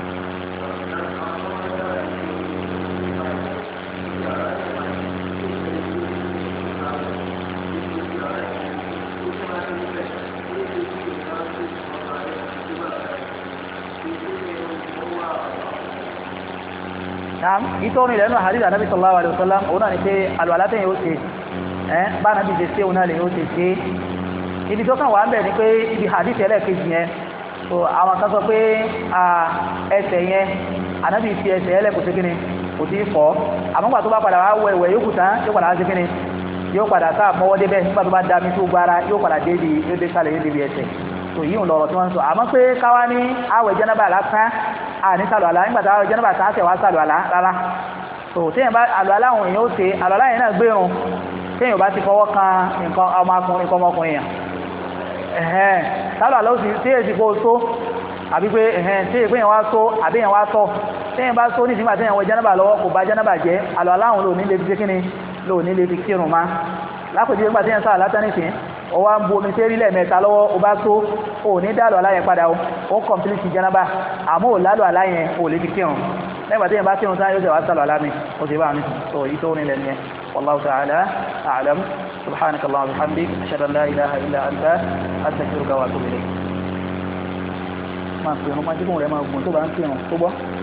naam ìtọ́ ní ilẹ̀nu hadith anabi sallallahu alayhi wa sallam òun náà ni pé àlùwàlá tẹ̀yìn ó ṣe ẹ́ bá anabi ṣe ṣe òun náà lè ó ṣe ibi ni ibi hadith eh. yẹn so àwọn kan sọ pé ẹsẹ̀ yẹn anabi fi ẹsẹ̀ ẹlẹ́kùn ṣe kíni kò tí ì fọ́ àmọ́ gbà tó bá padà wá yóò kù tán yóò padà wá yóò padà sá àmọ́wọ́ débẹ̀ nígbà tó so yíyún lọ̀rọ̀ tí wọ́n ń àní sàlùwàlá nígbà táwọn jẹ́nàbà tá a tẹ̀ wá sàlùwàlá rárá tó téèyàn bá àlùwàlá àwọn èèyàn ó ṣe àlùwàlá yẹn náà gbérun téèyàn bá ti fọwọ́ kan nǹkan ọmọkùnrin nǹkan ọmọkùnrin yẹn ẹ̀hẹ́n sàlùwàlá ó sì téèyàn ti kó o tó àbí pé ẹ̀hẹ́n téèyàn pé yẹn wá tó àbí yẹn wá tọ̀ téèyàn bá tó nísìnyí téèyàn wọ jẹ́nàbà lọ́wọ́ kò bá jẹ́nàbà jẹ́ àlùwàlá àwọn lòní lè fi kírun má lápèjì nígbà téèyàn sàlùwàlá tẹ́ ó wá ń bu omi sẹ́rí lẹ́ẹ̀mẹ́ta lọ́wọ́ ó bá tó ò ní dàlù aláyẹn padà ó ó ń kọ̀mpilìtì jẹ́nàbà àmọ́ ò lálù aláyẹn ò lè fi kírun lẹ́gbàá tí yẹn bá kírun sáyẹn yóò ṣe wá sálù alámi ó ti bá mi tó yìí tó nílẹ̀ nìyẹn wallahu ta'ala a'lam subhanaka allahumma wa bihamdik an la ilaha illa anta astaghfiruka wa atubu ilayk máa pè wọn máa jẹ́ kóun rẹ̀ máa gùn tó bá ń kírun tó gbọ́